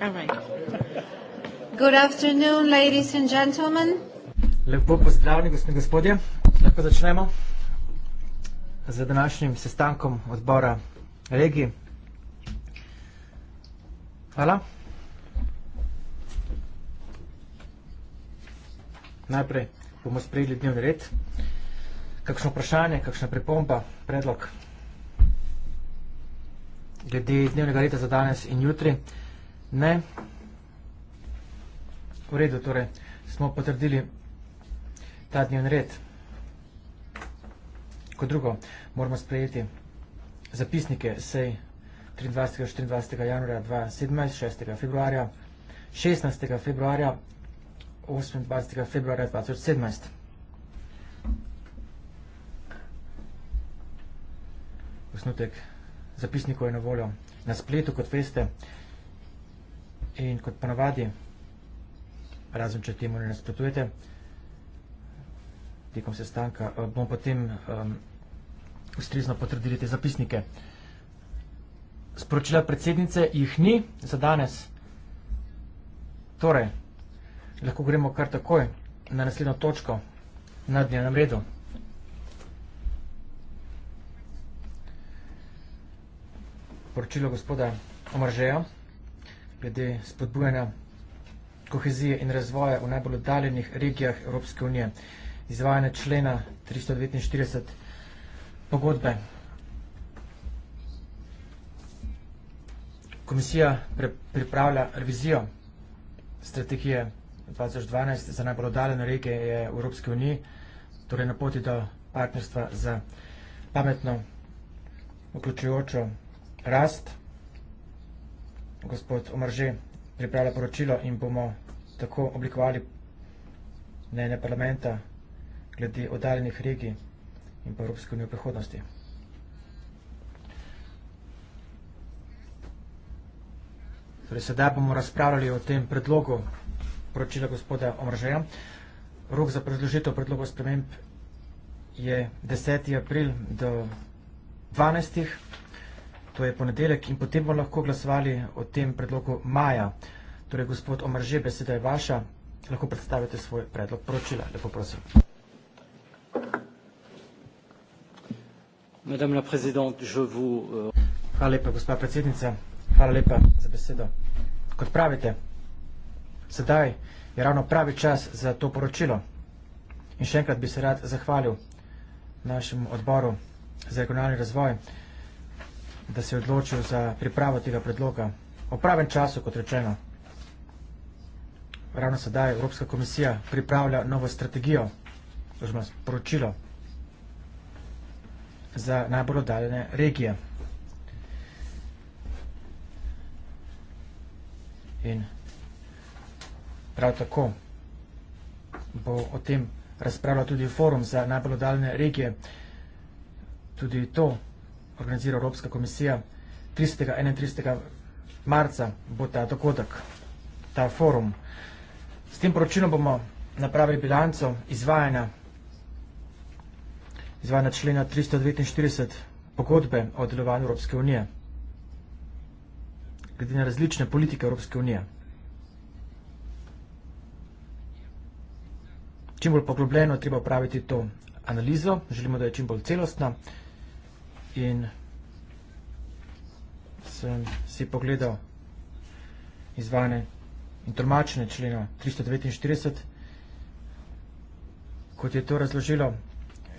All right. Good afternoon, ladies and gentlemen. Lepo pozdravljeni, gospod in gospodje. Lahko začnemo z današnjim sestankom odbora regij. Hvala. Najprej bomo sprejeli dnevni red. Kakšno vprašanje, kakšna pripomba, predlog glede dnevnega reda za danes in jutri? Ne. V redu, torej smo potrdili ta dnevni red. Kot drugo, moramo sprejeti zapisnike sej 23. in 24. januarja 2017, 6. februarja, 16. februarja, 28. februarja 2017. Osnutek zapisnikov je na voljo na spletu, kot veste in kot ponavadi, razen če temu ne nasprotujete, tekom sestanka, eh, bom potem ustrezno potrdili te zapisnike. Sporočila predsednice jih ni za danes. Torej, lahko gremo kar takoj na naslednjo točko na dnevnem redu. Poročilo gospoda Omržejo glede spodbujanja kohezije in razvoja v najbolj oddaljenih regijah Evropske unije. Izvajanje člena 349 pogodbe. Komisija pripravlja revizijo strategije 2012 za najbolj oddaljene regije Evropske unije, torej na poti do partnerstva za pametno, vključujočo rast gospod Omar že pripravlja poročilo in bomo tako oblikovali mnenje parlamenta glede oddaljenih regij in pa Evropske unije v prihodnosti. Torej, sedaj bomo razpravljali o tem predlogu poročila gospoda Omržaja. Rok za predložitev predlogov sprememb je 10. april do 12 to je ponedeljek in potem bomo lahko glasovali o tem predlogu maja. Torej, gospod Omrže, beseda je vaša, lahko predstavite svoj predlog poročila. Lepo prosim. Madame la Presidente, je vous... Euh, Hvala lepa, gospa predsednica. Hvala lepa za besedo. Kot pravite, sedaj je ravno pravi čas za to poročilo. In še enkrat bi se rad zahvalil našemu odboru za regionalni razvoj, da se je odločil za pripravo tega predloga. O pravem času, kot rečeno, ravno sedaj Evropska komisija pripravlja novo strategijo, oziroma sporočilo za najbolj oddaljene regije. In prav tako bo o tem razpravljal tudi forum za najbolj oddaljene regije. Tudi to organizira Evropska komisija, 30. in 31. marca bo ta dogodek, ta forum. S tem poročilom bomo napravili bilanco izvajanja, izvajanja člena 349 pogodbe o delovanju Evropske unije, glede na različne politike Evropske unije. Čim bolj poglobljeno treba upraviti to analizo, želimo, da je čim bolj celostna, in sem si pogledal izvane in tolmačene člena 349, kot je to razložilo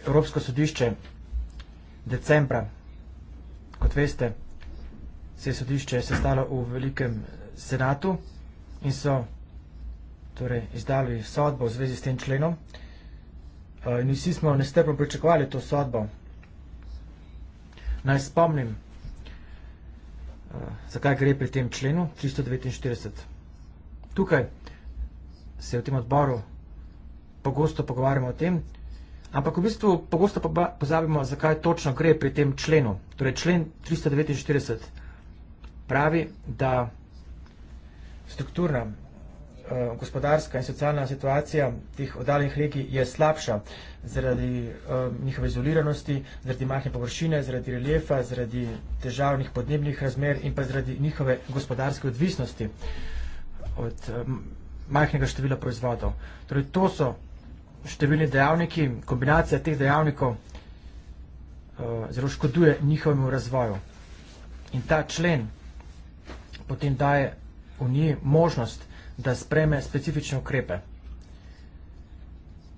Evropsko sodišče decembra. Kot veste, se je sodišče sestalo v velikem senatu in so torej, izdali sodbo v zvezi s tem členom. Eh, in vsi smo nestrpno pričakovali to sodbo, Naj spomnim, eh, zakaj gre pri tem členu 349. Tukaj se v tem odboru pogosto pogovarjamo o tem, ampak v bistvu pogosto pozabimo, zakaj točno gre pri tem členu. Torej, člen 349 pravi, da strukturna Eh, gospodarska in socialna situacija teh oddaljenih regij je slabša zaradi uh, njihove izoliranosti, zaradi majhne površine, zaradi reljefa, zaradi težavnih podnebnih razmer in pa zaradi njihove gospodarske odvisnosti od uh, majhnega števila proizvodov. Torej, to so številni dejavniki, kombinacija teh dejavnikov uh, zelo škoduje njihovemu razvoju. In ta člen potem daje v njej možnost da spreme specifične ukrepe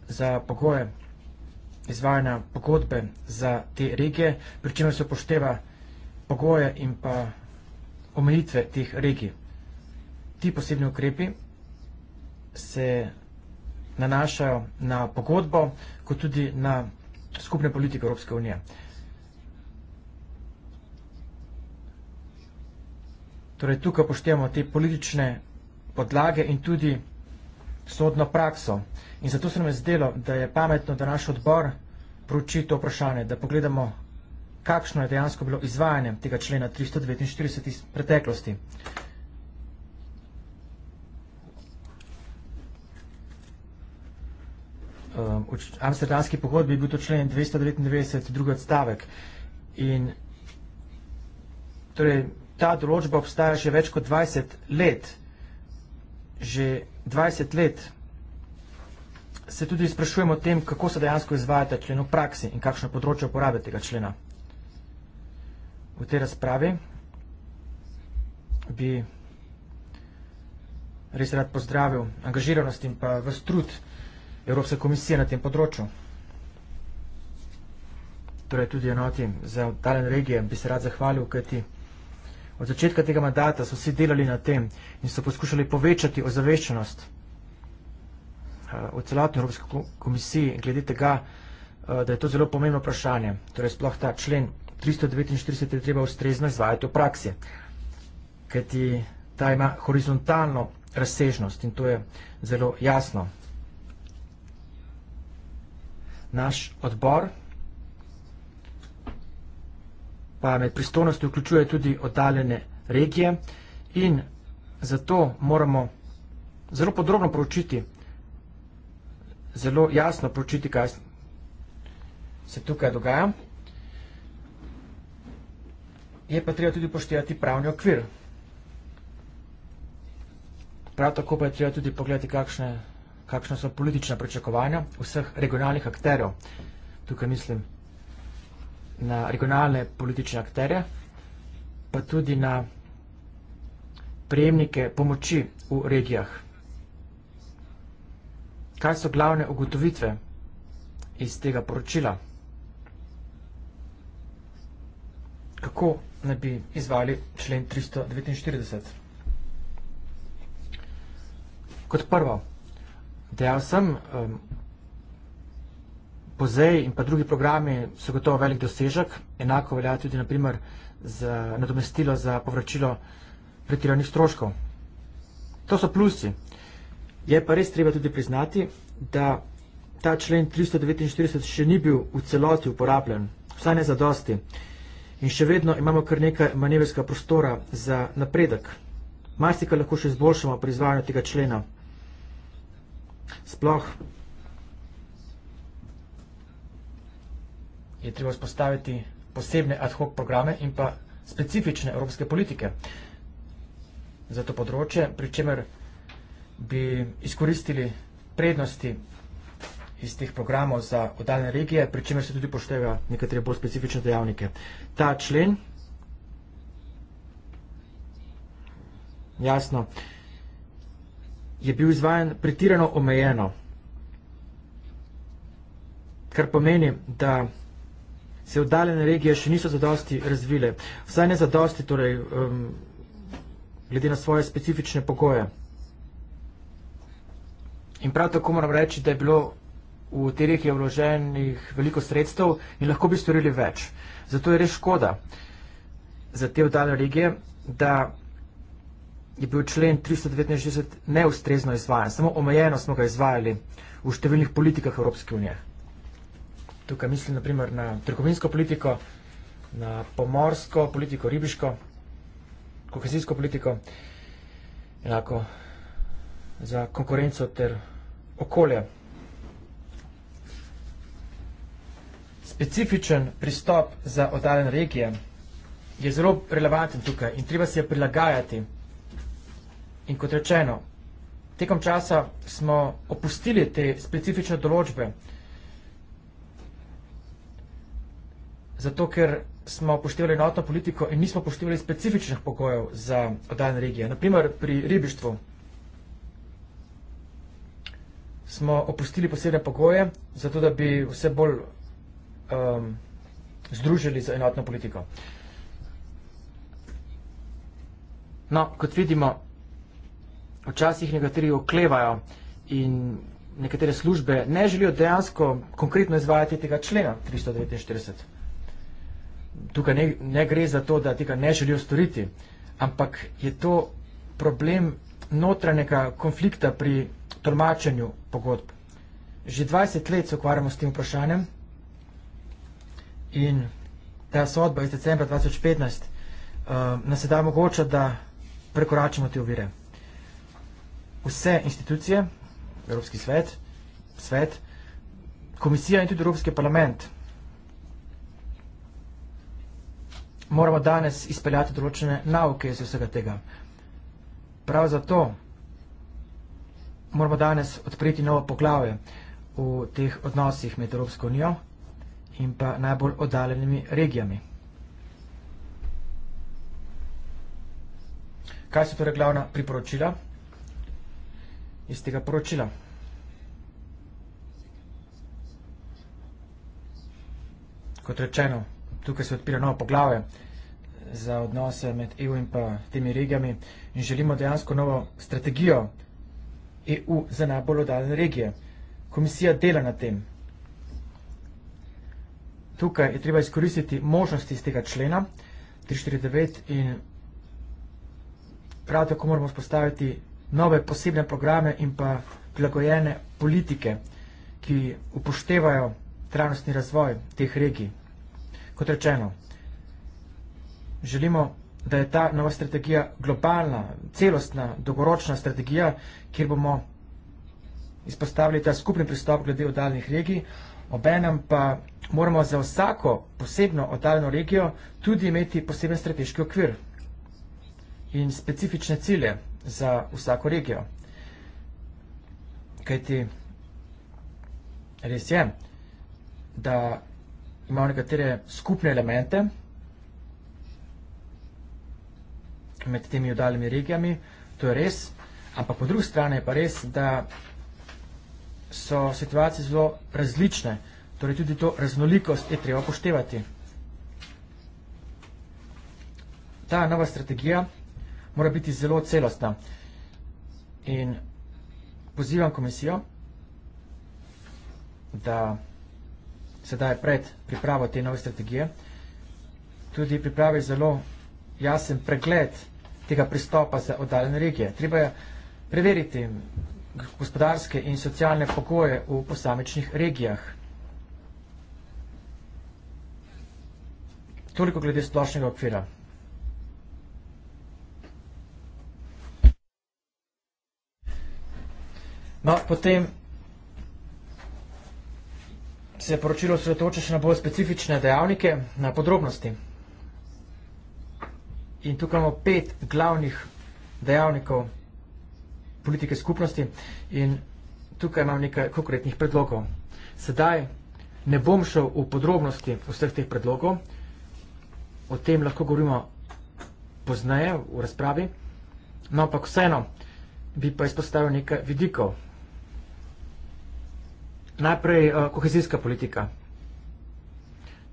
za pogoje izvajanja pogodbe za te regije, pri čemer se upošteva pogoje in pa omejitve teh regij. Ti posebni ukrepi se nanašajo na pogodbo, kot tudi na skupne politike Evropske unije. Torej, tukaj poštevamo te politične podlage in tudi sodno prakso. In zato se nam je zdelo, da je pametno, da naš odbor proči to vprašanje, da pogledamo, kakšno je dejansko bilo izvajanje tega člena 349 iz preteklosti. Um, v amsterdamski pogodbi je bil to člen 299, drugi odstavek. In torej, ta določba obstaja že več kot 20 let že 20 let, se tudi sprašujemo o tem, kako se dejansko izvajate člen v praksi in kakšno področje uporabe tega člena. V tej razpravi bi res rad pozdravil angažiranost in pa vas trud Evropske komisije na tem področju. Torej tudi enoti za oddaljene regije bi se rad zahvalil, kajti ti Od začetka tega mandata so vsi delali na tem in so poskušali povečati ozaveščenost eh, v celotni Evropski komisiji in glede tega, eh, da je to zelo pomembno vprašanje. Torej sploh ta člen 349 je treba ustrezno izvajati v praksi, kajti ta ima horizontalno razsežnost in to je zelo jasno. Naš odbor pa med pristojnosti vključuje tudi oddaljene regije in zato moramo zelo podrobno proučiti, zelo jasno proučiti, kaj se tukaj dogaja. Je pa treba tudi poštevati pravni okvir. Prav tako pa je treba tudi pogledati, kakšne, kakšne so politične pričakovanja vseh regionalnih akterjev. Tukaj mislim, na regionalne politične akterje, pa tudi na prejemnike pomoči v regijah. Kaj so glavne ugotovitve iz tega poročila? Kako ne bi izvali člen 349? Kot prvo, dejal sem, Pozej in pa drugi programi so gotovo velik dosežek. Enako velja tudi naprimer za nadomestilo za povračilo pretiranih stroškov. To so plusi. Je pa res treba tudi priznati, da ta člen 349 še ni bil v celoti uporabljen, vsaj ne za dosti. In še vedno imamo kar nekaj manevrskega prostora za napredek. Marsika lahko še izboljšamo pri izvajanju tega člena. Sploh je treba spostaviti posebne ad hoc programe in pa specifične evropske politike za to področje, pri čemer bi izkoristili prednosti iz teh programov za oddaljne regije, pri čemer se tudi pošteva nekatere bolj specifične dejavnike. Ta člen, jasno, je bil izvajan pretirano omejeno, kar pomeni, da se oddaljene regije še niso zadosti razvile, vsaj ne zadosti, torej, um, glede na svoje specifične pogoje. In prav tako moram reči, da je bilo v te regije vloženih veliko sredstev in lahko bi storili več. Zato je res škoda za te oddaljene regije, da je bil člen 369 neustrezno izvajan. Samo omejeno smo ga izvajali v številnih politikah Evropske unije. Tukaj mislim naprimer na trgovinsko politiko, na pomorsko politiko, ribiško, kohezijsko politiko, enako za konkurenco ter okolje. Specifičen pristop za oddaljene regije je zelo relevanten tukaj in treba se je prilagajati. In kot rečeno, tekom časa smo opustili te specifične določbe, ki zato ker smo upoštevali enotno politiko in nismo upoštevali specifičnih pogojev za odajne regije. Naprimer, pri ribištvu smo opustili posebne pogoje, zato da bi vse bolj um, združili za enotno politiko. No, kot vidimo, včasih nekateri oklevajo in nekatere službe ne želijo dejansko konkretno izvajati tega člena 349 tukaj ne, ne gre za to, da tega ne želijo storiti, ampak je to problem notranjega konflikta pri tolmačenju pogodb. Že 20 let se ukvarjamo s tem vprašanjem in ta sodba iz decembra 2015 uh, eh, nas sedaj omogoča, da prekoračimo te ovire. Vse institucije, Evropski svet, svet, komisija in tudi Evropski parlament moramo danes izpeljati določene nauke iz vsega tega. Prav zato moramo danes odpreti novo poglavje v teh odnosih med Evropsko unijo in pa najbolj oddaljenimi regijami. Kaj so torej glavna priporočila iz tega poročila? Kot rečeno, tukaj se odpira novo poglave za odnose med EU in pa temi regijami in želimo dejansko novo strategijo EU za najbolj odaljene regije. Komisija dela na tem. Tukaj je treba izkoristiti možnosti iz tega člena 349 in prav tako moramo spostaviti nove posebne programe in pa prilagojene politike, ki upoštevajo trajnostni razvoj teh regij. Kot rečeno, želimo, da je ta nova strategija globalna, celostna, dolgoročna strategija, kjer bomo izpostavili ta skupni pristop glede oddaljenih regij, obenem pa moramo za vsako posebno oddaljeno regijo tudi imeti poseben strateški okvir in specifične cilje za vsako regijo. Kajti res je, da imajo nekatere skupne elemente med temi odaljimi regijami, to je res, ampak po drugi strani je pa res, da so situacije zelo različne, torej tudi to raznolikost je treba poštevati. Ta nova strategija mora biti zelo celostna in pozivam komisijo, da je sedaj pred pripravo te nove strategije, tudi pripravi zelo jasen pregled tega pristopa za oddaljene regije. Treba je preveriti gospodarske in socialne pogoje v posamičnih regijah. Toliko glede splošnega okvira. No, potem se poročilo osredotočaš na bolj specifične dejavnike, na podrobnosti. In tukaj imamo pet glavnih dejavnikov politike skupnosti in tukaj imam nekaj konkretnih predlogov. Sedaj ne bom šel v podrobnosti vseh teh predlogov, o tem lahko govorimo pozneje v razpravi, no pa vseeno bi pa izpostavil nekaj vidikov Najprej uh, kohezijska politika.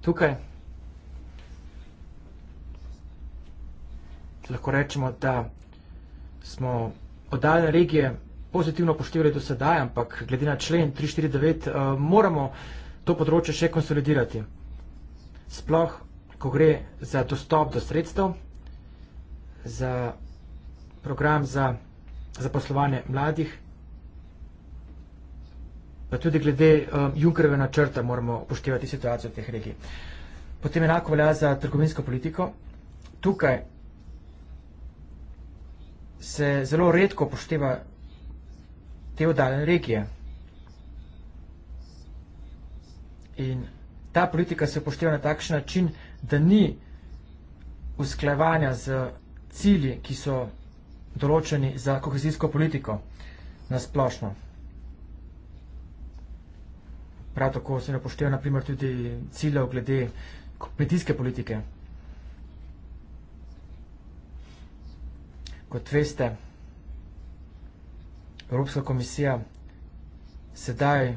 Tukaj lahko rečemo, da smo oddaljene regije pozitivno poštevali do sedaj, ampak glede na člen 349 uh, eh, moramo to področje še konsolidirati. Sploh, ko gre za dostop do sredstev, za program za zaposlovanje mladih Tudi glede uh, Junkerjeve načrta moramo upoštevati situacijo teh regij. Potem enako velja za trgovinsko politiko. Tukaj se zelo redko upošteva te oddaljene regije. In ta politika se upošteva na takšen način, da ni usklajevanja z cilji, ki so določeni za kohezijsko politiko na splošno prav tako se ne poštejo naprimer tudi ciljev glede kmetijske politike. Kot veste, Evropska komisija sedaj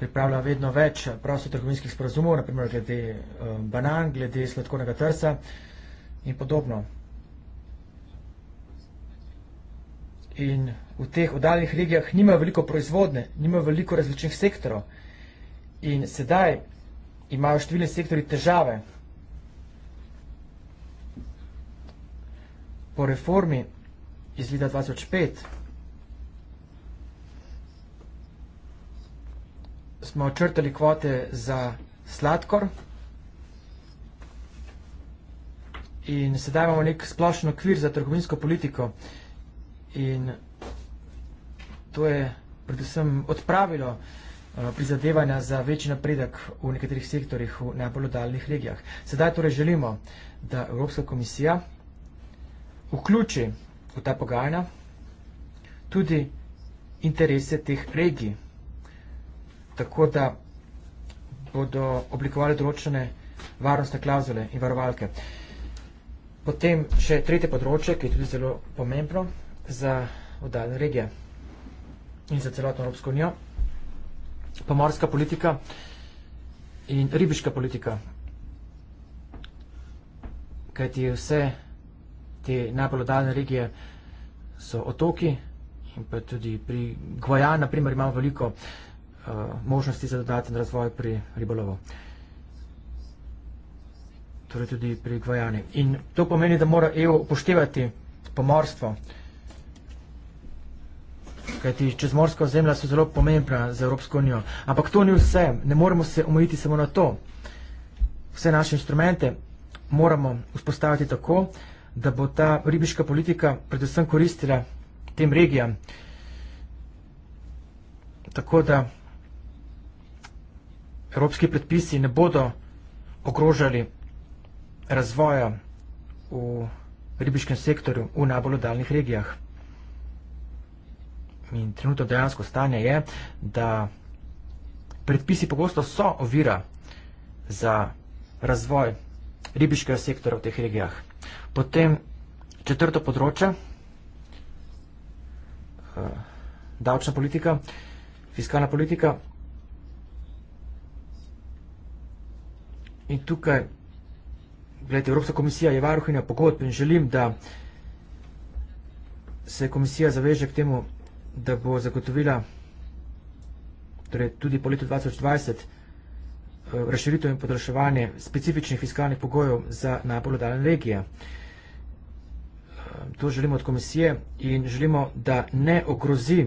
pripravlja vedno več prostotrhovinskih sporazumov, naprimer glede eh, banan, glede sladkornega trsa in podobno. in v teh oddaljenih regijah nima veliko proizvodne, nima veliko različnih sektorov. In sedaj imajo številni sektori težave. Po reformi iz leta 2005 smo očrtali kvote za sladkor in sedaj imamo nek splošen okvir za trgovinsko politiko, ki In to je predvsem odpravilo eh, prizadevanja za večji napredek v nekaterih sektorjih v najbolj oddaljenih regijah. Sedaj torej želimo, da Evropska komisija vključi v ta pogajanja tudi interese teh regij, tako da bodo oblikovali določene varnostne klauzule in varovalke. Potem še tretje področje, ki je tudi zelo pomembno, za vdane regije in za celotno Evropsko unijo. Pomorska politika in ribiška politika, kajti vse te najbolj oddaljene regije so otoki in pa tudi pri Gvajana, primer, imamo veliko uh, možnosti za dodaten razvoj pri ribolovu. Torej tudi pri Gvajani. In to pomeni, da mora EU upoštevati pomorstvo uh, kajti čezmorska ozemlja so zelo pomembna za Evropsko unijo. Ampak to ni vse, ne moremo se omejiti samo na to. Vse naše instrumente moramo vzpostaviti tako, da bo ta ribiška politika predvsem koristila tem regijam. Tako da evropski predpisi ne bodo ogrožali razvoja v ribiškem sektorju v najbolj oddaljnih regijah. In trenutno dejansko stanje je, da predpisi pogosto so ovira za razvoj ribiškega sektora v teh regijah. Potem četrto področje, eh, davčna politika, fiskalna politika. In tukaj, gledajte, Evropska komisija je varuhinja pogodb in želim, da se komisija zaveže k temu, da bo zagotovila torej, tudi po letu 2020 eh, razširitev in podraševanje specifičnih fiskalnih pogojev za najbolj oddaljene regije. Eh, to želimo od komisije in želimo, da ne ogrozi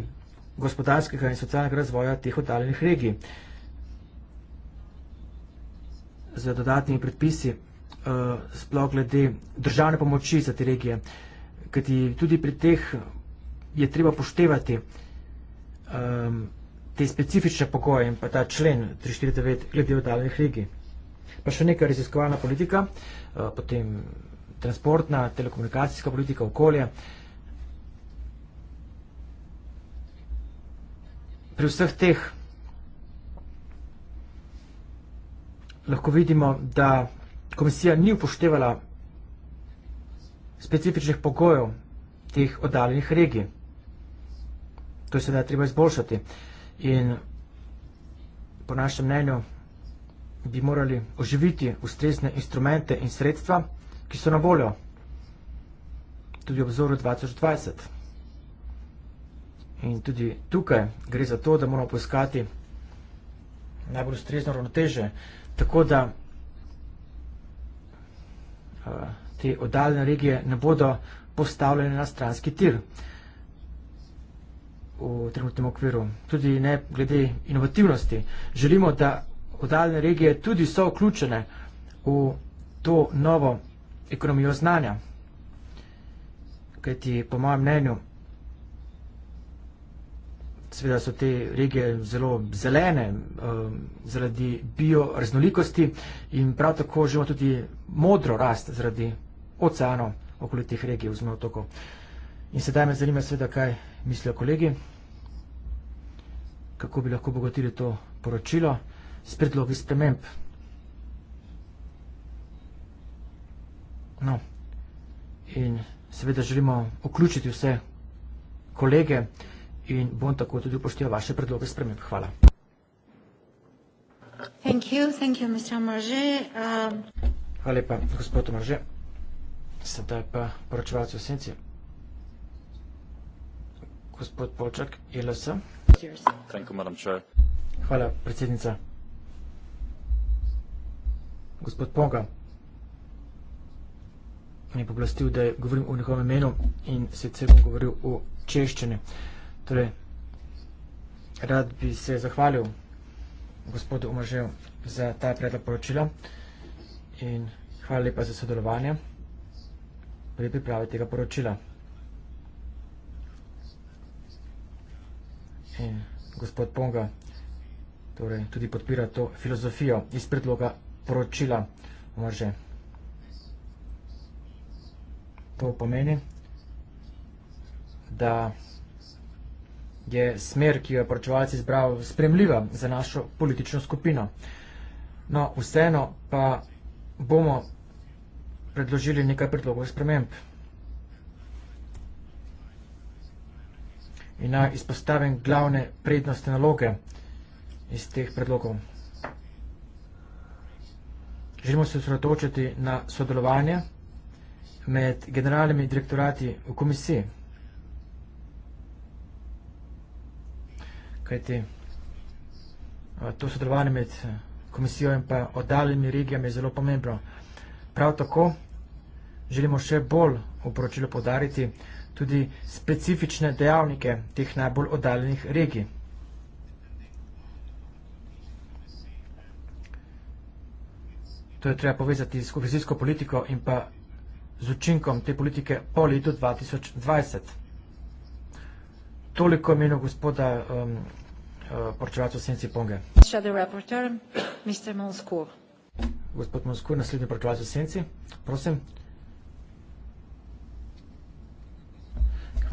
gospodarskega in socialnega razvoja teh oddaljenih regij. Za dodatnimi predpisi, eh, sploh glede državne pomoči za te regije, kajti tudi pri teh je treba poštevati um, te specifične pogoje in pa ta člen 349 glede oddaljenih regij. Pa še neka raziskovalna politika, uh, potem transportna, telekomunikacijska politika, okolje. Pri vseh teh lahko vidimo, da komisija ni upoštevala specifičnih pogojev teh oddaljenih regij. To se da treba izboljšati. In po našem mnenju bi morali oživiti ustrezne instrumente in sredstva, ki so na voljo tudi v obzoru 2020. In tudi tukaj gre za to, da moramo poiskati najbolj ustrezno ravnoteže, tako da eh, te oddaljene regije ne bodo postavljene na stranski tir v trenutnem okviru. Tudi ne glede inovativnosti. Želimo, da odaljne regije tudi so vključene v to novo ekonomijo znanja. Kajti, po mojem mnenju, seveda so te regije zelo zelene um, zaradi bioraznolikosti in prav tako želimo tudi modro rast zaradi oceanov okoli teh regij v zmotoku. In sedaj me zanima seveda, kaj mislijo kolegi kako bi lahko obogatili to poročilo s predlogi sprememb. No, in seveda želimo vključiti vse kolege in bom tako tudi upoštijal vaše predloge sprememb. Hvala. Thank you, thank you, Mr. Marže. Um, Hvala lepa, gospod Marže. Sedaj pa poročevalci v senci. Gospod Polčak, ILS. Hvala lepa. Hvala, predsednica. Gospod Ponga, mi je poblastil, da govorim v njihovem imenu in sicer bom govoril o češčini. Torej, rad bi se zahvalil gospodu Umažev za ta predlog poročila in hvala lepa za sodelovanje pri pripravi tega poročila. in gospod Ponga torej, tudi podpira to filozofijo iz predloga poročila. Može. To pomeni, da je smer, ki jo je poročevalec izbral, spremljiva za našo politično skupino. No, vseeno pa bomo predložili nekaj predlogov sprememb. in naj izpostavim glavne prednosti naloge iz teh predlogov. Želimo se osredotočiti na sodelovanje med generalnimi direktorati v komisiji. Kajti eh, to sodelovanje med eh, komisijo in pa oddaljenimi regijami je zelo pomembno. Prav tako želimo še bolj v poročilu podariti, tudi specifične dejavnike teh najbolj oddaljenih regij. To je treba povezati s kohezijsko politiko in pa z učinkom te politike po letu 2020. Toliko je menil gospoda um, uh, poročevalca Senci Ponge. Gospod Monskur, naslednji poročevalca Senci, prosim.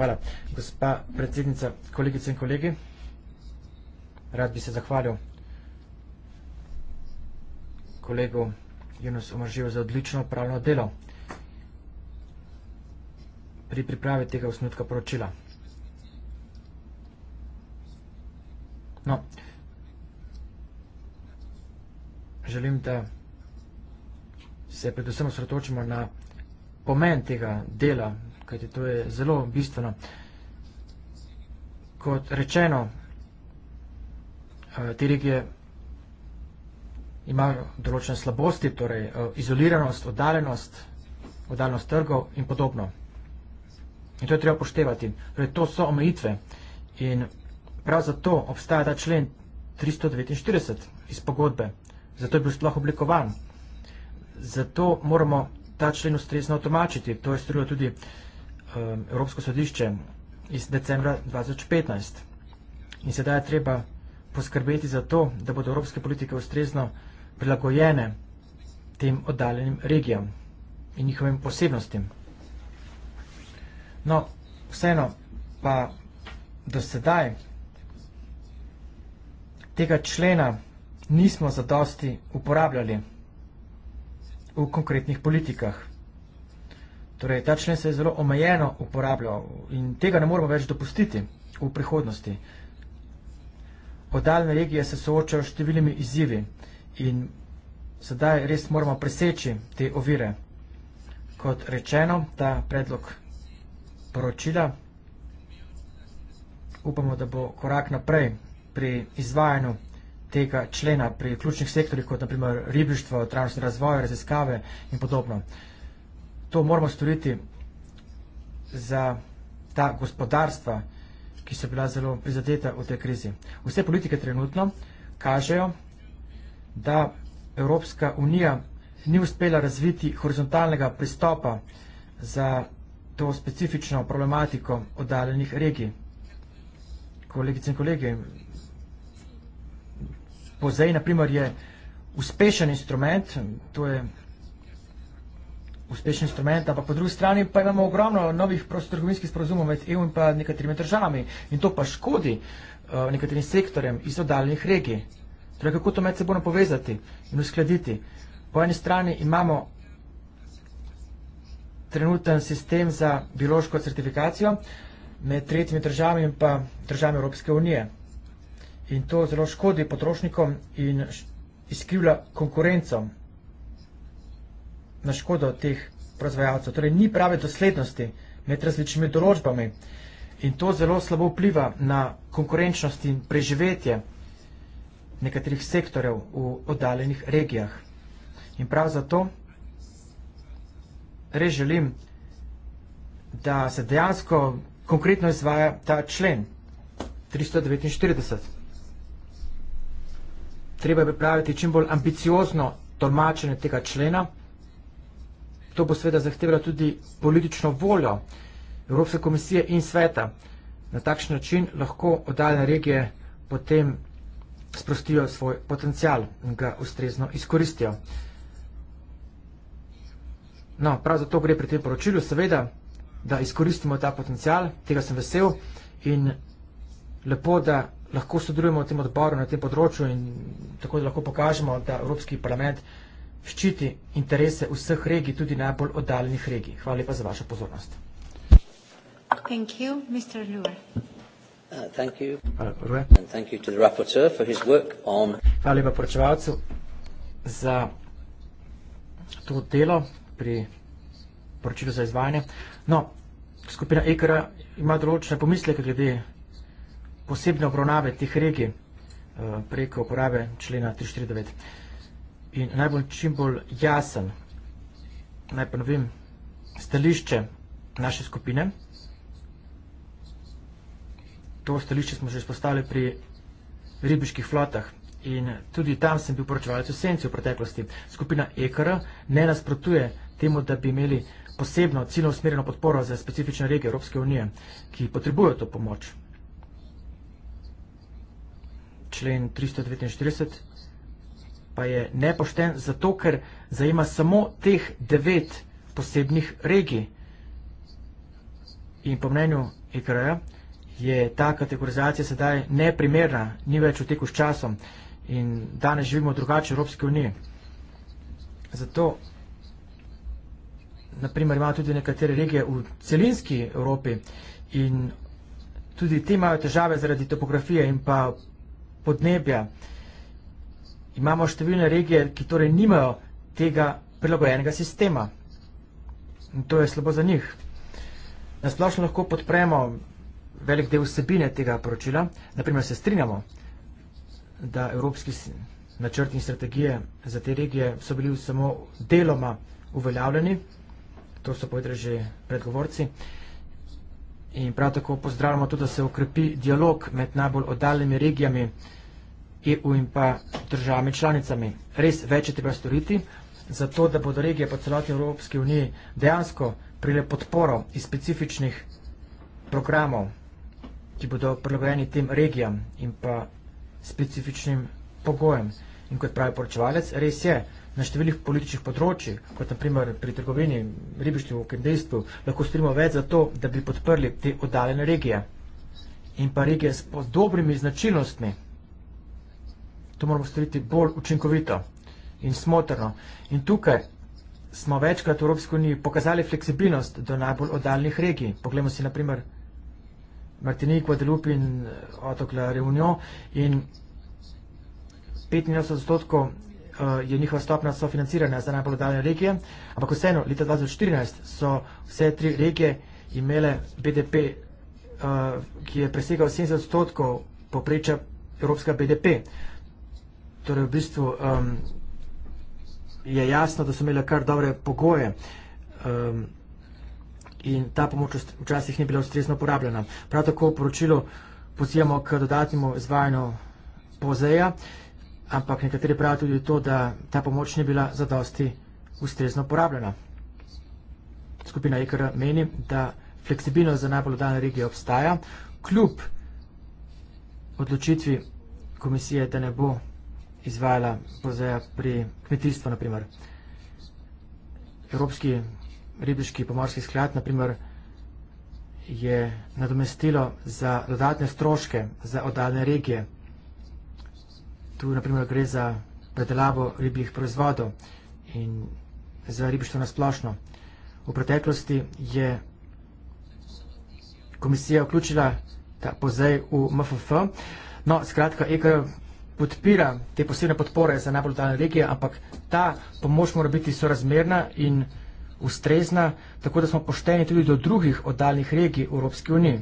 Hvala. Gospa predsednica, kolegice in kolegi, rad bi se zahvalil kolegu Junos Omržijo za odlično upravljeno delo pri pripravi tega osnutka poročila. No, želim, da se predvsem osredotočimo na pomen tega dela kajti to je zelo bistveno. Kot rečeno, eh, te regije imajo določene slabosti, torej eh, izoliranost, oddaljenost, oddaljenost trgov in podobno. In to je treba poštevati. Torej, to so omejitve. In prav zato obstaja ta člen 349 iz pogodbe. Zato je bil sploh oblikovan. Zato moramo ta člen ustrezno otomačiti. To je storilo tudi uh, Evropsko sodišče iz decembra 2015. In sedaj je treba poskrbeti za to, da bodo evropske politike ustrezno prilagojene tem oddaljenim regijam in njihovim posebnostim. No, vseeno pa do sedaj tega člena nismo zadosti uporabljali v konkretnih politikah. Torej, ta člen se je zelo omejeno uporabljal in tega ne moremo več dopustiti v prihodnosti. Odaljne regije se soočajo s številnimi izzivi in sedaj res moramo preseči te ovire. Kot rečeno, ta predlog poročila upamo, da bo korak naprej pri izvajanju tega člena pri ključnih sektorjih, kot naprimer ribištvo, trajnostni razvoj, raziskave in podobno to moramo storiti za ta gospodarstva, ki so bila zelo prizadeta v tej krizi. Vse politike trenutno kažejo, da Evropska unija ni uspela razviti horizontalnega pristopa za to specifično problematiko oddaljenih regij. Kolegice in kolege, pozej, naprimer, je uspešen instrument, to je uspešen instrument, ampak po drugi strani pa imamo ogromno novih prostorovinskih sporozumov med EU in pa nekaterimi državami in to pa škodi uh, nekaterim sektorjem iz oddaljenih regij. Torej, kako to med sebojno povezati in uskladiti? Po eni strani imamo trenuten sistem za biološko certifikacijo med tretjimi državami in pa državami Evropske unije. In to zelo škodi potrošnikom in iskrivlja konkurencom na škodo teh proizvajalcev. Torej, ni prave doslednosti med različnimi določbami in to zelo slabo vpliva na konkurenčnost in preživetje nekaterih sektorjev v oddaljenih regijah. In prav zato res želim, da se dejansko konkretno izvaja ta člen 349. Treba je pripraviti čim bolj ambiciozno tolmačenje tega člena. To bo seveda zahtevalo tudi politično voljo Evropske komisije in sveta. Na takšen način lahko oddaljene regije potem sprostijo svoj potencial in ga ustrezno izkoristijo. No, prav zato gre pri tem poročilju, seveda, da izkoristimo ta potencial, tega sem vesel in lepo, da lahko sodelujemo v tem odboru na tem področju in tako, da lahko pokažemo, da Evropski parlament lahko ščiti interese vseh regij, tudi najbolj oddaljenih regij. Hvala lepa za vašo pozornost. Thank you, Mr. Lure. Uh, Hvala lepa poročevalcu za to delo pri poročilu za izvajanje. No, skupina EKR ima določene pomisleke glede posebne obravnave teh regij uh, preko uporabe člena 349 in naj bo čim bolj jasen. Naj ponovim stališče naše skupine. To stališče smo že izpostavili pri ribiških flotah in tudi tam sem bil poročevalec v senci v preteklosti. Skupina EKR ne nasprotuje temu, da bi imeli posebno ciljno usmerjeno podporo za specifične regije Evropske unije, ki potrebujejo to pomoč. Člen 349 pa je nepošten, zato ker zajema samo teh devet posebnih regij. In po mnenju IKR-ja je ta kategorizacija sedaj neprimerna, ni več v teku s časom in danes živimo drugače v Evropski uniji. Zato, naprimer, imajo tudi nekatere regije v celinski Evropi in tudi ti imajo težave zaradi topografije in pa podnebja imamo številne regije, ki torej nimajo tega prilagojenega sistema. In to je slabo za njih. Nasplošno lahko podpremo velik del vsebine tega poročila, naprimer se strinjamo, da evropski načrti in strategije za te regije so bili samo deloma uveljavljeni, to so povedali že predgovorci. In prav tako pozdravljamo tudi, da se ukrepi dialog med najbolj oddaljenimi regijami, EU in pa državami članicami. Res več je treba storiti, zato da bodo regije po celoti Evropski uniji dejansko prile podporo iz specifičnih programov, ki bodo prilagojeni tem regijam in pa specifičnim pogojem. In kot pravi poročevalec, res je, na številnih političnih področjih, kot naprimer pri trgovini, ribištvu, kmetijstvu, lahko storimo več za to, da bi podprli te oddaljene regije in pa regije s dobrimi značilnostmi to moramo storiti bolj učinkovito in smotrno. In tukaj smo večkrat v Evropski uniji pokazali fleksibilnost do najbolj oddaljnih regij. Poglejmo si naprimer Martinique, Guadeloupe in eh, otok La Reunion in 95 odstotkov eh, je njihova stopna sofinanciranja za najbolj oddaljne regije, ampak vseeno, leta 2014 so vse tri regije imele BDP, eh, ki je presegal 70 odstotkov popreča Evropska BDP. Torej, v bistvu um, je jasno, da so imeli kar dobre pogoje um, in ta pomoč včasih ni bila ustrezno uporabljena. Prav tako poročilo pozivamo k dodatnemu izvajanju pozeja, ampak nekateri pravijo tudi to, da ta pomoč ni bila zadosti ustrezno uporabljena. Skupina IKR meni, da fleksibilnost za najbolj dane regije obstaja, kljub odločitvi komisije, da ne bo izvajala prozeja pri kmetijstvu, naprimer. Evropski ribiški pomorski sklad, naprimer, je nadomestilo za dodatne stroške za oddaljne regije. Tu, naprimer, gre za predelavo ribjih proizvodov in za ribištvo nasplošno. V preteklosti je komisija vključila ta pozej v MFF. No, skratka, EKR podpira te posebne podpore za najbolj daljne regije, ampak ta pomoč mora biti sorazmerna in ustrezna, tako da smo pošteni tudi do drugih oddaljnih regij v Evropski uniji.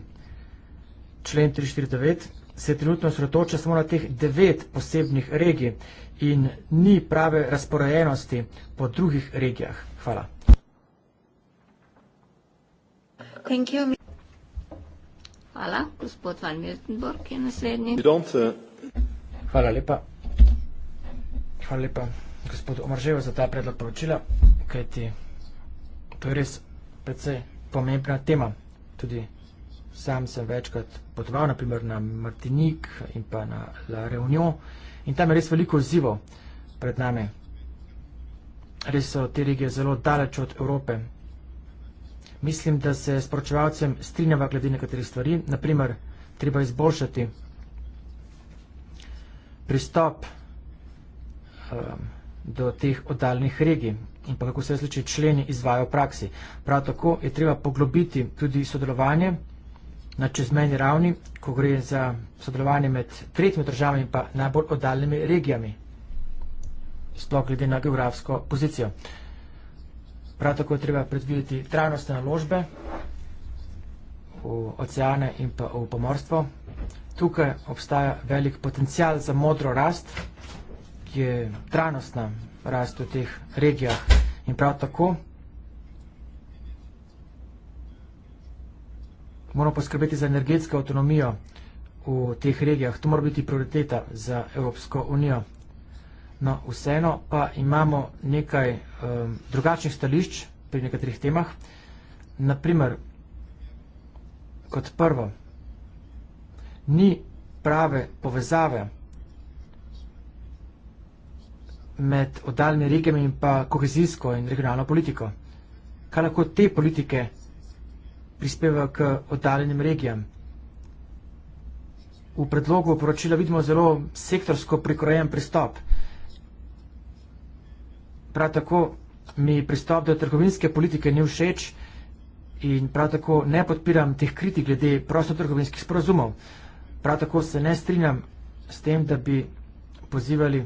Člen 349 se trenutno sredotoča samo na teh devet posebnih regij in ni prave razporejenosti po drugih regijah. Hvala. Hvala. Gospod Van Miltenborg je naslednji. Hvala lepa. Hvala lepa, gospod Omržejo, za ta predlog poročila, kajti to je res precej pomembna tema. Tudi sam sem večkrat potoval, naprimer na Martinik in pa na La Reunijo in tam je res veliko zivo pred nami. Res so te regije zelo daleč od Evrope. Mislim, da se s poročevalcem strinjava glede nekaterih stvari, naprimer treba izboljšati pristop um, do teh oddaljnih regij in pa kako se različni členi izvajo v praksi. Prav tako je treba poglobiti tudi sodelovanje na čezmeni ravni, ko gre za sodelovanje med tretjimi državami in pa najbolj oddaljnimi regijami, sploh glede na geografsko pozicijo. Prav tako je treba predvideti trajnostne naložbe v oceane in pa v pomorstvo, tukaj obstaja velik potencial za modro rast, ki je trajnostna rast v teh regijah in prav tako moramo poskrbeti za energetsko avtonomijo v teh regijah. To mora biti prioriteta za Evropsko unijo. No, vseeno pa imamo nekaj um, drugačnih stališč pri nekaterih temah. Naprimer, kot prvo, ni prave povezave med oddaljne regijami in pa kohezijsko in regionalno politiko. Kaj lahko te politike prispevajo k oddaljenim regijam? V predlogu poročila vidimo zelo sektorsko prikrojen pristop. Prav tako mi pristop do trgovinske politike ni všeč in prav tako ne podpiram teh kritik glede prostotrgovinskih sporozumov. Prav tako se ne strinjam s tem, da bi pozivali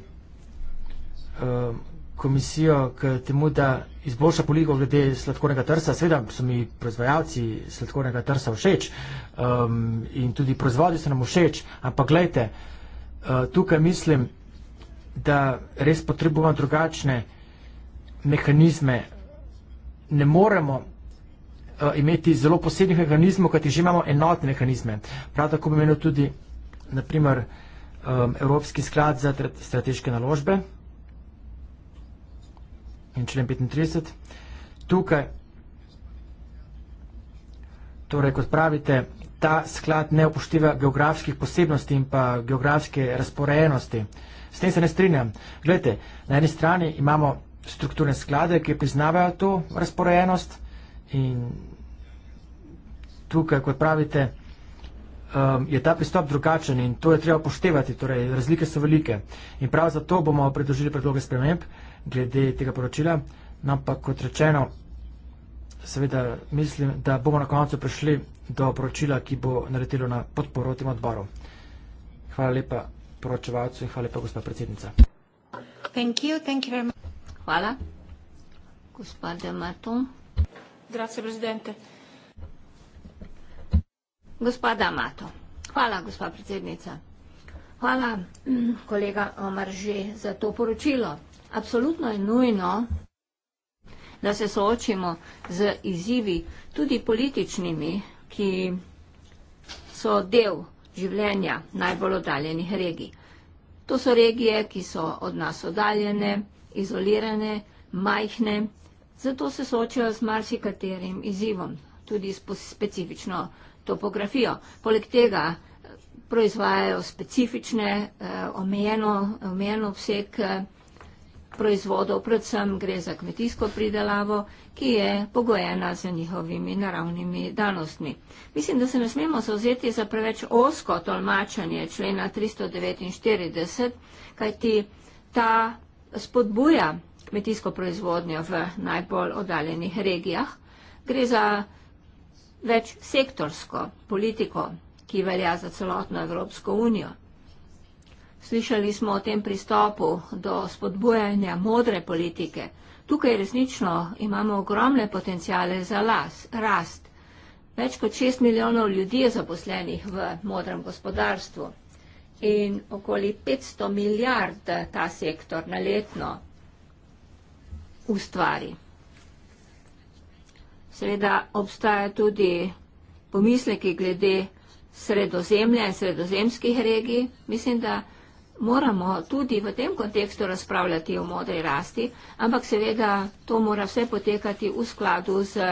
um, komisijo k temu, da izboljša poligo glede sladkornega trsa. Sveda so mi proizvajalci sladkornega trsa všeč um, in tudi proizvodi so nam všeč, ampak gledajte, uh, eh, tukaj mislim, da res potrebujemo drugačne mehanizme. Ne moremo uh, imeti zelo posebnih mehanizmov, kajti že imamo enotne mehanizme. Prav tako bi imel tudi, naprimer, um, Evropski sklad za strateške naložbe in člen 35. Tukaj, torej, kot pravite, ta sklad ne upošteva geografskih posebnosti in pa geografske razporejenosti. S tem se ne strinjam. Glede, na eni strani imamo strukturne sklade, ki priznavajo to razporejenost in tukaj, kot pravite, um, je ta pristop drugačen in to je treba poštevati, torej razlike so velike. In prav zato bomo predložili predloge sprememb glede tega poročila, no, ampak kot rečeno, seveda mislim, da bomo na koncu prišli do poročila, ki bo naredilo na podporo tem odboru. Hvala lepa poročevalcu in hvala lepa gospod predsednica. Thank you, thank you very much. Hvala. Gospod Matum. Grazie, presidente. Gospoda Mato. Hvala, gospa predsednica. Hvala, mm, kolega Omar, že za to poročilo. Absolutno je nujno, da se soočimo z izzivi, tudi političnimi, ki so del življenja najbolj oddaljenih regij. To so regije, ki so od nas oddaljene, izolirane, majhne, zato se soočajo z marsikaterim izzivom, tudi s specifično topografijo. Poleg tega eh, proizvajajo specifične, eh, omejeno, omejeno vsek eh, proizvodov, predvsem gre za kmetijsko pridelavo, ki je pogojena za njihovimi naravnimi danostmi. Mislim, da se ne smemo zauzeti za preveč osko tolmačanje člena 349, kajti ta spodbuja kmetijsko proizvodnjo v najbolj oddaljenih regijah. Gre za več sektorsko politiko, ki velja za celotno Evropsko unijo. Slišali smo o tem pristopu do spodbujanja modre politike. Tukaj resnično imamo ogromne potencijale za las, rast. Več kot 6 milijonov ljudi je zaposlenih v modrem gospodarstvu in okoli 500 milijard ta sektor na letno ustvari. Seveda obstaja tudi pomisleki glede sredozemlja in sredozemskih regij. Mislim, da moramo tudi v tem kontekstu razpravljati o modri rasti, ampak seveda to mora vse potekati v skladu z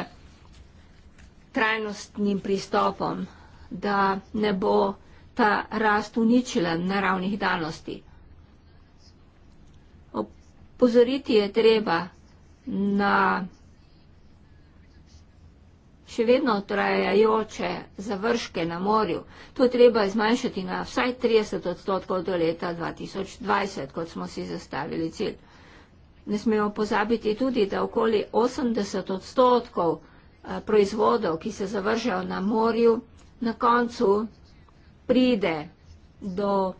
trajnostnim pristopom, da ne bo ta rast uničila naravnih danosti. Opozoriti je treba na še vedno trajajoče završke na morju. To treba zmanjšati na vsaj 30 odstotkov do leta 2020, kot smo si zastavili cilj. Ne smemo pozabiti tudi, da okoli 80 odstotkov eh, proizvodov, ki se zavržajo na morju, na koncu pride do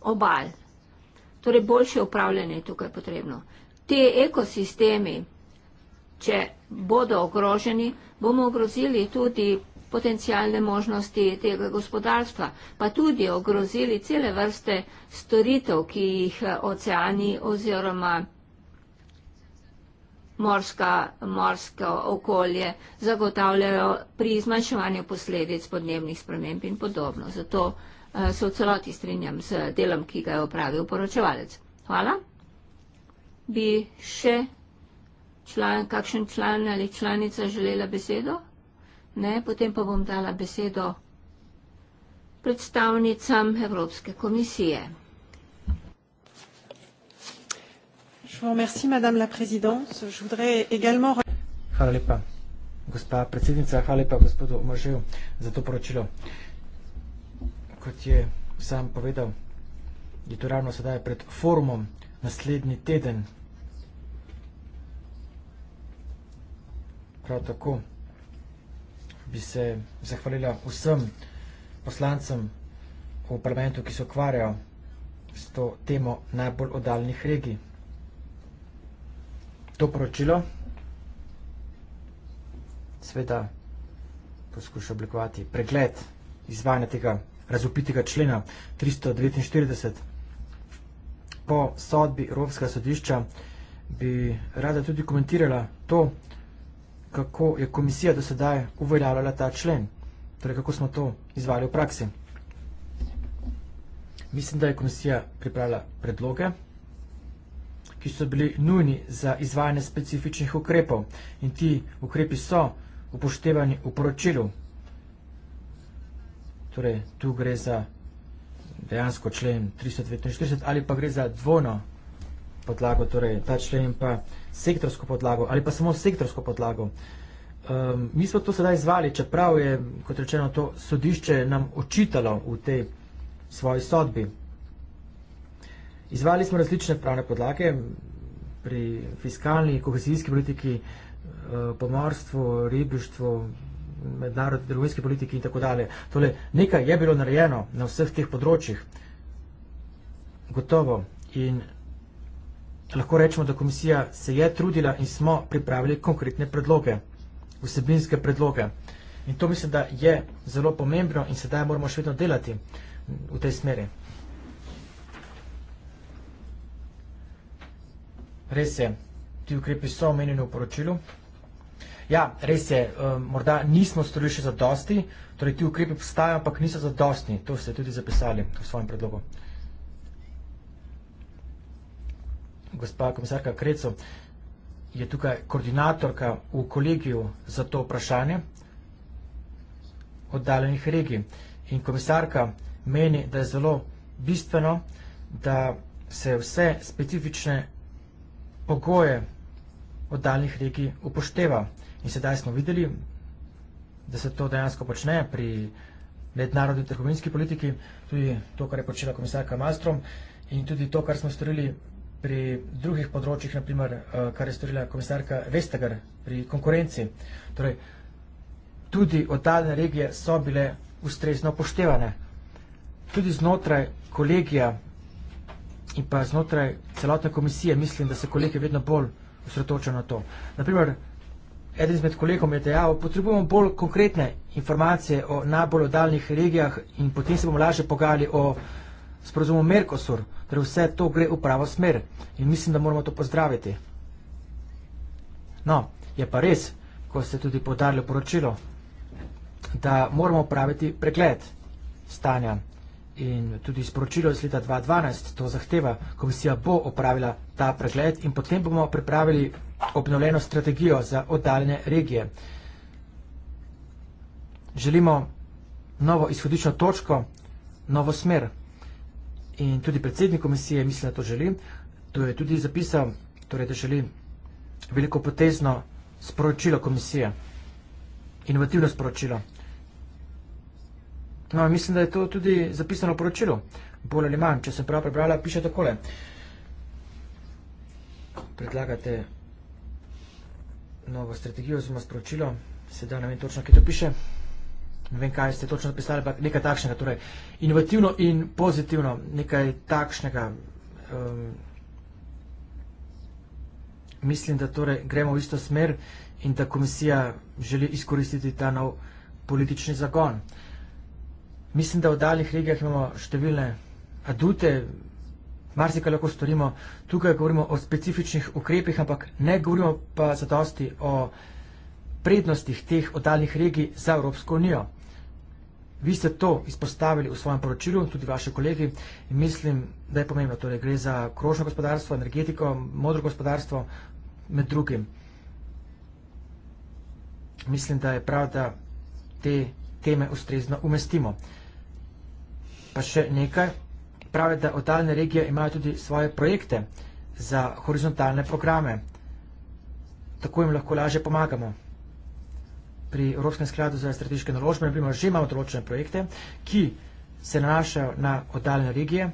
obal. Torej, boljše upravljanje je tukaj potrebno. Te ekosistemi, če bodo ogroženi, bomo ogrozili tudi potencijalne možnosti tega gospodarstva, pa tudi ogrozili cele vrste storitev, ki jih eh, oceani oziroma morska, morsko okolje zagotavljajo pri zmanjševanju posledic podnebnih sprememb in podobno. Zato eh, se v celoti strinjam z delom, ki ga je opravil poročevalec. Hvala. Bi še član, kakšen član ali članica želela besedo? Ne, potem pa bom dala besedo predstavnicam Evropske komisije. Hvala lepa, gospa predsednica, hvala lepa gospodu Omažeju za to poročilo. Kot je sam povedal, je to ravno sedaj pred forumom naslednji teden Prav tako bi se zahvalila vsem poslancem v parlamentu, ki se ukvarjajo s to temo najbolj oddaljenih regij. To poročilo sveda poskuša oblikovati pregled izvajanja tega razupitega člena 349. Po sodbi Evropskega sodišča bi rada tudi komentirala to, kako je komisija do sedaj uveljavljala ta člen, torej kako smo to izvali v praksi. Mislim, da je komisija pripravila predloge, ki so bili nujni za izvajanje specifičnih ukrepov in ti ukrepi so upoštevani v poročilu. Torej, tu gre za dejansko člen 349 ali pa gre za dvojno podlago, torej ta člen pa je sektorsko podlago ali pa samo sektorsko podlago. Um, mi smo to sedaj izvali, čeprav je, kot rečeno, to sodišče nam očitalo v tej svoji sodbi. Izvali smo različne pravne podlage pri fiskalni, kohezijski politiki, eh, pomorstvu, ribištvu, mednarodni drugovinski politiki in tako dalje. Tole, nekaj je bilo narejeno na vseh teh področjih. Gotovo. In lahko rečemo, da komisija se je trudila in smo pripravili konkretne predloge, vsebinske predloge. In to mislim, da je zelo pomembno in sedaj moramo še vedno delati v tej smeri. Res je, ti ukrepi so omenjeni v poročilu. Ja, res je, eh, morda nismo storili še za dosti, torej ti ukrepi postajajo, ampak niso za dosti. To ste tudi zapisali v svojem predlogu. gospa komisarka Kreco, je tukaj koordinatorka v kolegiju za to vprašanje oddaljenih regij. In komisarka meni, da je zelo bistveno, da se vse specifične pogoje oddaljenih regij upošteva. In sedaj smo videli, da se to dejansko počne pri mednarodni trgovinski politiki, tudi to, kar je počela komisarka Malmström in tudi to, kar smo storili pri drugih področjih, naprimer, eh, kar je storila komisarka Vestager pri konkurenci. Torej, tudi oddaljene regije so bile ustrezno poštevane. Tudi znotraj kolegija in pa znotraj celotne komisije mislim, da se kolegi vedno bolj usretočajo na to. Naprimer, eden izmed kolegov je dejal, potrebujemo bolj konkretne informacije o najbolj oddaljnih regijah in potem se bomo lažje pogajali o regijah, sporozumu Merkosur, da torej vse to gre v pravo smer in mislim, da moramo to pozdraviti. No, je pa res, ko ste tudi podarili poročilo, da moramo praviti pregled stanja. In tudi sporočilo iz leta 2012 to zahteva, komisija bo opravila ta pregled in potem bomo pripravili obnovljeno strategijo za oddaljene regije. Želimo novo izhodično točko, novo smer in tudi predsednik komisije mislim, da to želi. To je tudi zapisal, torej, da želi veliko potezno sporočilo komisije, inovativno sporočilo. No, mislim, da je to tudi zapisano v poročilu, bolj ali manj, če sem prav prebrala, piše takole. Predlagate novo strategijo oziroma sporočilo, sedaj ne vem točno, kaj to piše ne vem, kaj ste točno zapisali, ampak nekaj takšnega. Torej, inovativno in pozitivno, nekaj takšnega. Um, mislim, da torej gremo v isto smer in da komisija želi izkoristiti ta nov politični zagon. Mislim, da v daljnih regijah imamo številne adute, marsikaj lahko storimo. Tukaj govorimo o specifičnih ukrepih, ampak ne govorimo pa zadosti o prednostih teh oddaljnih regij za Evropsko unijo. Vi ste to izpostavili v svojem poročilu, tudi vaši kolegi, in mislim, da je pomembno. Torej, gre za krožno gospodarstvo, energetiko, modro gospodarstvo, med drugim. Mislim, da je prav, da te teme ustrezno umestimo. Pa še nekaj. Prav je, da oddaljne regije imajo tudi svoje projekte za horizontalne programe. Tako jim lahko lažje pomagamo pri Evropskem skladu za strateške naložbe, naprimer, že imamo določene projekte, ki se nanašajo na oddaljene regije,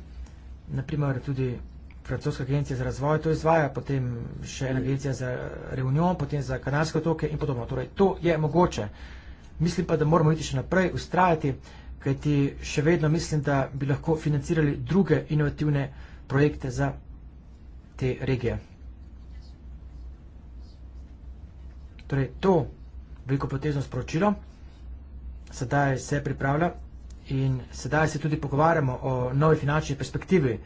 naprimer tudi Francoska agencija za razvoj to izvaja, potem še ena agencija za Reunion, potem za Kanarske otoke in podobno. Torej, to je mogoče. Mislim pa, da moramo iti še naprej, ustrajati, kajti še vedno mislim, da bi lahko financirali druge inovativne projekte za te regije. Torej, to veliko potezno sporočilo, sedaj se pripravlja in sedaj se tudi pogovarjamo o novi finančni perspektivi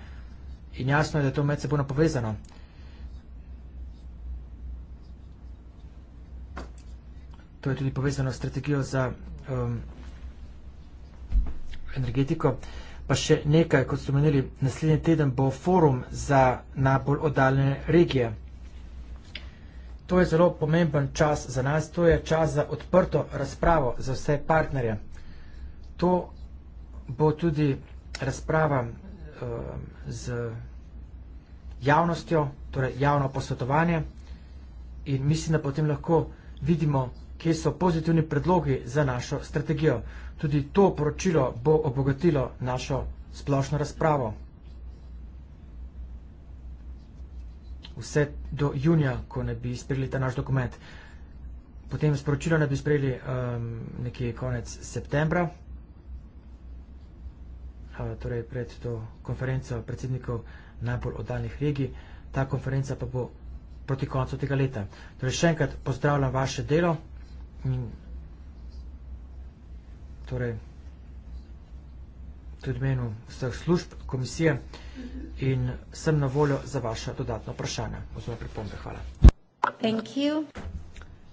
in jasno je, da je to med sebojno povezano. To je tudi povezano s strategijo za um, energetiko. Pa še nekaj, kot ste omenili, naslednji teden bo forum za najbolj oddaljene regije. To je zelo pomemben čas za nas, to je čas za odprto razpravo za vse partnerje. To bo tudi razprava uh, z javnostjo, torej javno posvetovanje in mislim, da potem lahko vidimo, kje so pozitivni predlogi za našo strategijo. Tudi to poročilo bo obogatilo našo splošno razpravo. vse do junija, ko ne bi sprejeli ta naš dokument. Potem sporočilo ne bi sprejeli um, nekje konec septembra, uh, torej pred to konferenco predsednikov najbolj oddaljenih regij. Ta konferenca pa bo proti koncu tega leta. Torej še enkrat pozdravljam vaše delo. In, torej, tudi menu vseh služb komisije in sem na voljo za vaše dodatno vprašanje oziroma pripombe. Hvala. Thank you.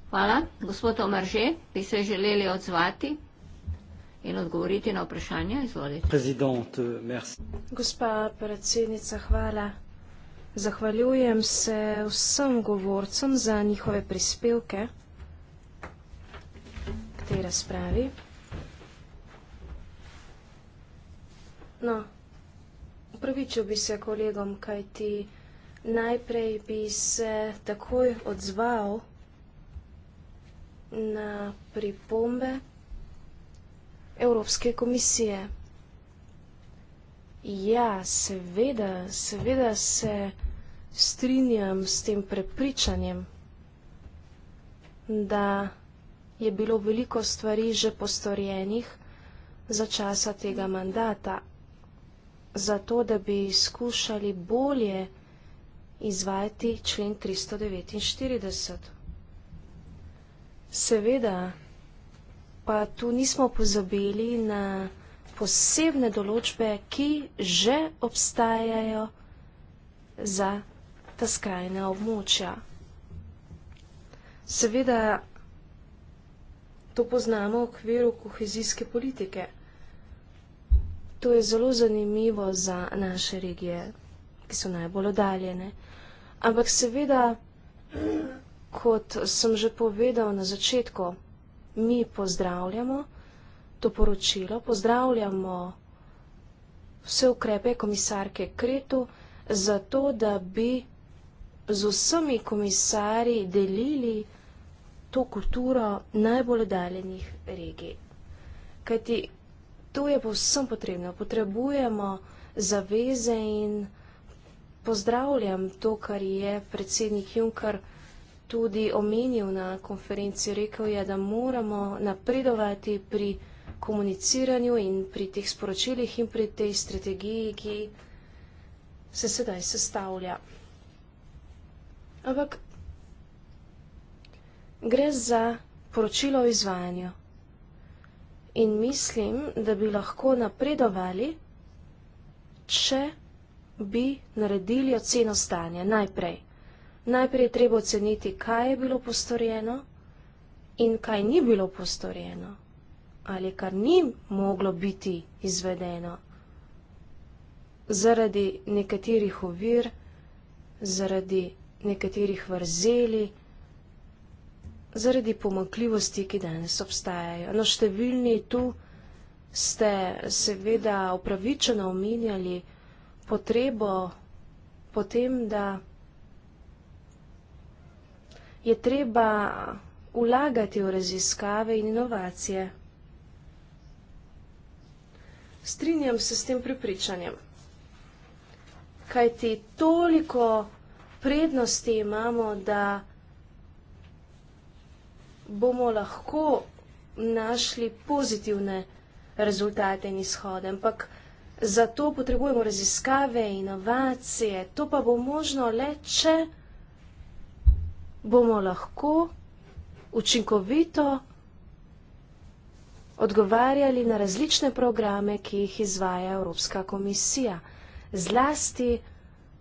Hvala. Gospod Omarže, bi se želeli odzvati in odgovoriti na vprašanje. Izvolite. Gospa predsednica, hvala. Zahvaljujem se vsem govorcem za njihove prispevke k tej razpravi. No, upravičil bi se kolegom, kaj ti najprej bi se takoj odzval na pripombe Evropske komisije. Ja, seveda, seveda se strinjam s tem prepričanjem, da je bilo veliko stvari že postorjenih za časa tega mandata, zato, da bi skušali bolje izvajati člen 349. Seveda, pa tu nismo pozabili na posebne določbe, ki že obstajajo za ta skrajna območja. Seveda, to poznamo v okviru kohezijske politike. To je zelo zanimivo za naše regije, ki so najbolj oddaljene. Ampak seveda, kot sem že povedal na začetku, mi pozdravljamo to poročilo, pozdravljamo vse ukrepe komisarke Kretu, zato da bi z vsemi komisari delili to kulturo najbolj oddaljenih regij. Kajti to je povsem potrebno. Potrebujemo zaveze in pozdravljam to, kar je predsednik Juncker tudi omenil na konferenci. Rekel je, da moramo napredovati pri komuniciranju in pri teh sporočilih in pri tej strategiji, ki se sedaj sestavlja. Ampak gre za poročilo o izvajanju in mislim, da bi lahko napredovali, če bi naredili oceno stanja najprej. Najprej je treba oceniti, kaj je bilo postorjeno in kaj ni bilo postorjeno ali kar ni moglo biti izvedeno zaradi nekaterih ovir, zaradi nekaterih vrzeli zaradi pomakljivosti, ki danes obstajajo. No, številni tu ste seveda upravičeno omenjali potrebo potem, da je treba ulagati v raziskave in inovacije. Strinjam se s tem prepričanjem. Kajti toliko prednosti imamo, da bomo lahko našli pozitivne rezultate in izhode. Ampak zato potrebujemo raziskave, inovacije. To pa bo možno le, če bomo lahko učinkovito odgovarjali na različne programe, ki jih izvaja Evropska komisija. Zlasti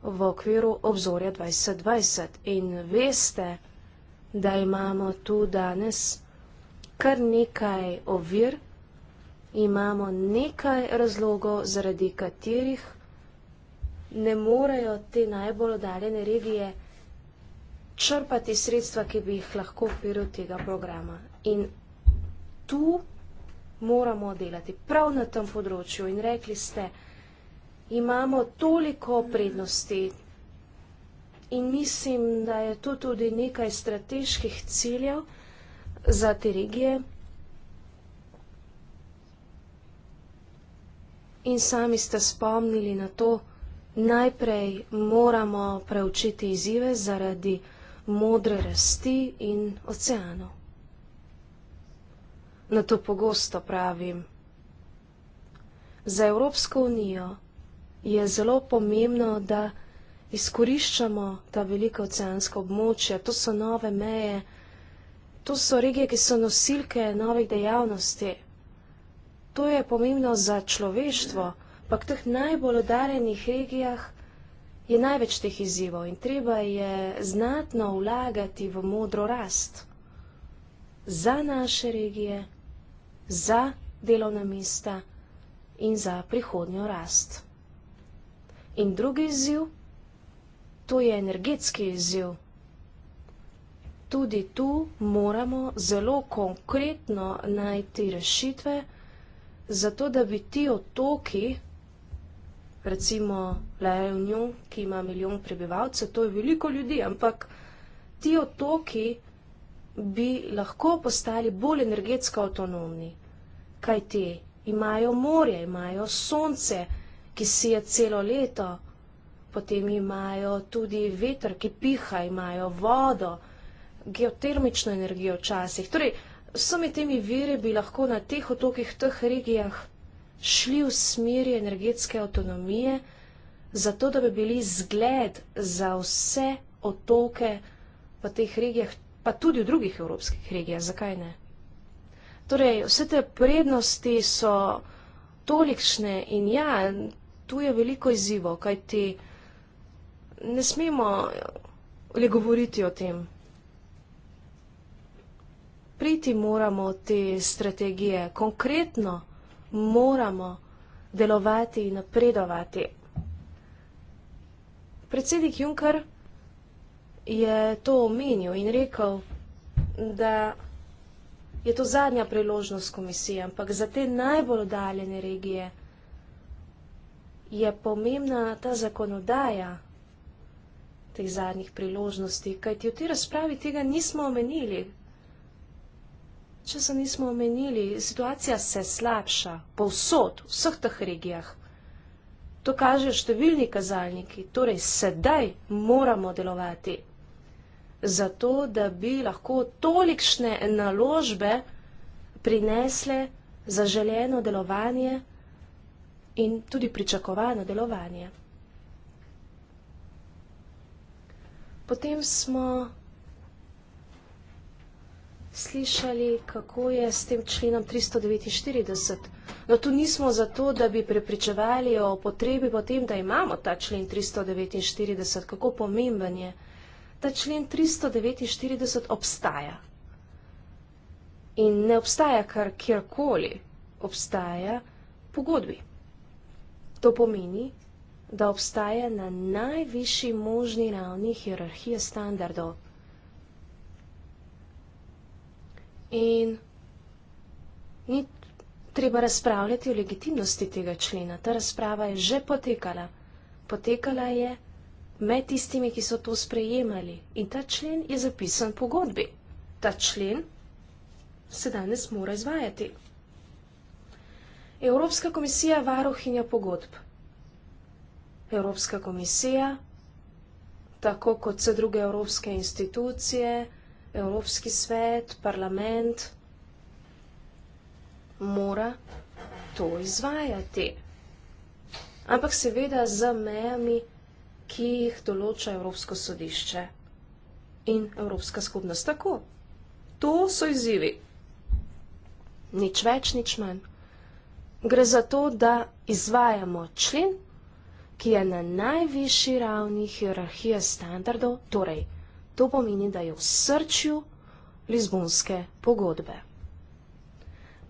v okviru obzorja 2020. In veste, da imamo tu danes kar nekaj ovir, imamo nekaj razlogov, zaradi katerih ne morejo te najbolj oddaljene regije črpati sredstva, ki bi jih lahko vpiril tega programa. In tu moramo delati, prav na tem področju. In rekli ste, imamo toliko prednosti, in mislim, da je to tudi nekaj strateških ciljev za te regije. In sami ste spomnili na to, najprej moramo preučiti izzive zaradi modre rasti in oceanov. Na to pogosto pravim. Za Evropsko unijo je zelo pomembno, da vsega, izkoriščamo ta velika oceanska območja, to so nove meje, to so regije, ki so nosilke novih dejavnosti. To je pomembno za človeštvo, pa v teh najbolj odarenih regijah je največ teh izzivov in treba je znatno vlagati v modro rast za naše regije, za delovna mesta in za prihodnjo rast. In drugi izziv, To je energetski izziv. Tudi tu moramo zelo konkretno najti rešitve, zato da bi ti otoki, recimo Leonju, ki ima milijon prebivalcev, to je veliko ljudi, ampak ti otoki bi lahko postali bolj energetsko avtonomni, kaj ti imajo morje, imajo sonce, ki sije celo leto potem imajo tudi veter, ki piha, imajo vodo, geotermično energijo včasih. Torej, vsemi temi viri bi lahko na teh otokih, teh regijah šli v smeri energetske avtonomije, zato da bi bili zgled za vse otoke v teh regijah, pa tudi v drugih evropskih regijah. Zakaj ne? Torej, vse te prednosti so tolikšne in ja, tu je veliko izzivo, kaj ti. Te ne smemo le govoriti o tem. Priti moramo te strategije, konkretno moramo delovati in napredovati. Predsednik Juncker je to omenil in rekel, da je to zadnja priložnost komisije, ampak za te najbolj oddaljene regije je pomembna ta zakonodaja, teh zadnjih priložnosti, kajti v tej razpravi tega nismo omenili. Če se nismo omenili, situacija se slabša povsod, v vseh teh regijah. To kažejo številni kazalniki, torej sedaj moramo delovati, zato da bi lahko tolikšne naložbe prinesle zaželeno delovanje in tudi pričakovano delovanje. Potem smo slišali, kako je s tem členom 349. No, tu nismo zato, da bi prepričevali o potrebi potem, da imamo ta člen 349, kako pomemben je. Ta člen 349 obstaja. In ne obstaja kar kjerkoli, obstaja pogodbi. To pomeni, da obstaja na najvišji možni ravni hierarhije standardov. In ni treba razpravljati o legitimnosti tega člena. Ta razprava je že potekala. Potekala je med tistimi, ki so to sprejemali. In ta člen je zapisan v pogodbi. Ta člen se danes mora izvajati. Evropska komisija varohinja pogodb. Evropska komisija, tako kot vse druge evropske institucije, Evropski svet, parlament, mora to izvajati. Ampak seveda z mejami, ki jih določa Evropsko sodišče in Evropska skupnost. Tako, to so izzivi. Nič več, nič manj. Gre za to, da izvajamo člen ki je na najvišji ravni hierarhije standardov, torej to pomeni, da je v srčju Lizbonske pogodbe.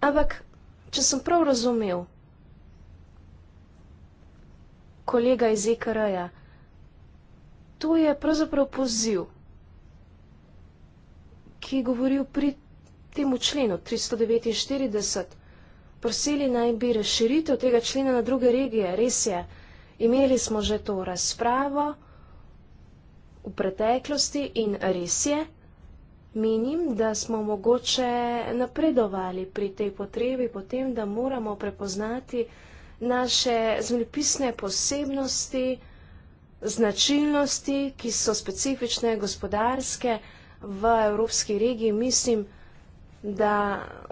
Ampak, če sem prav razumel, kolega iz EKR-ja, to je pravzaprav poziv, ki je govoril pri temu členu 349. Prosili naj bi razširitev tega člena na druge regije, res je, Imeli smo že to razpravo v preteklosti in res je, menim, da smo mogoče napredovali pri tej potrebi, potem, da moramo prepoznati naše zmljepisne posebnosti, značilnosti, ki so specifične gospodarske v Evropski regiji. Mislim, da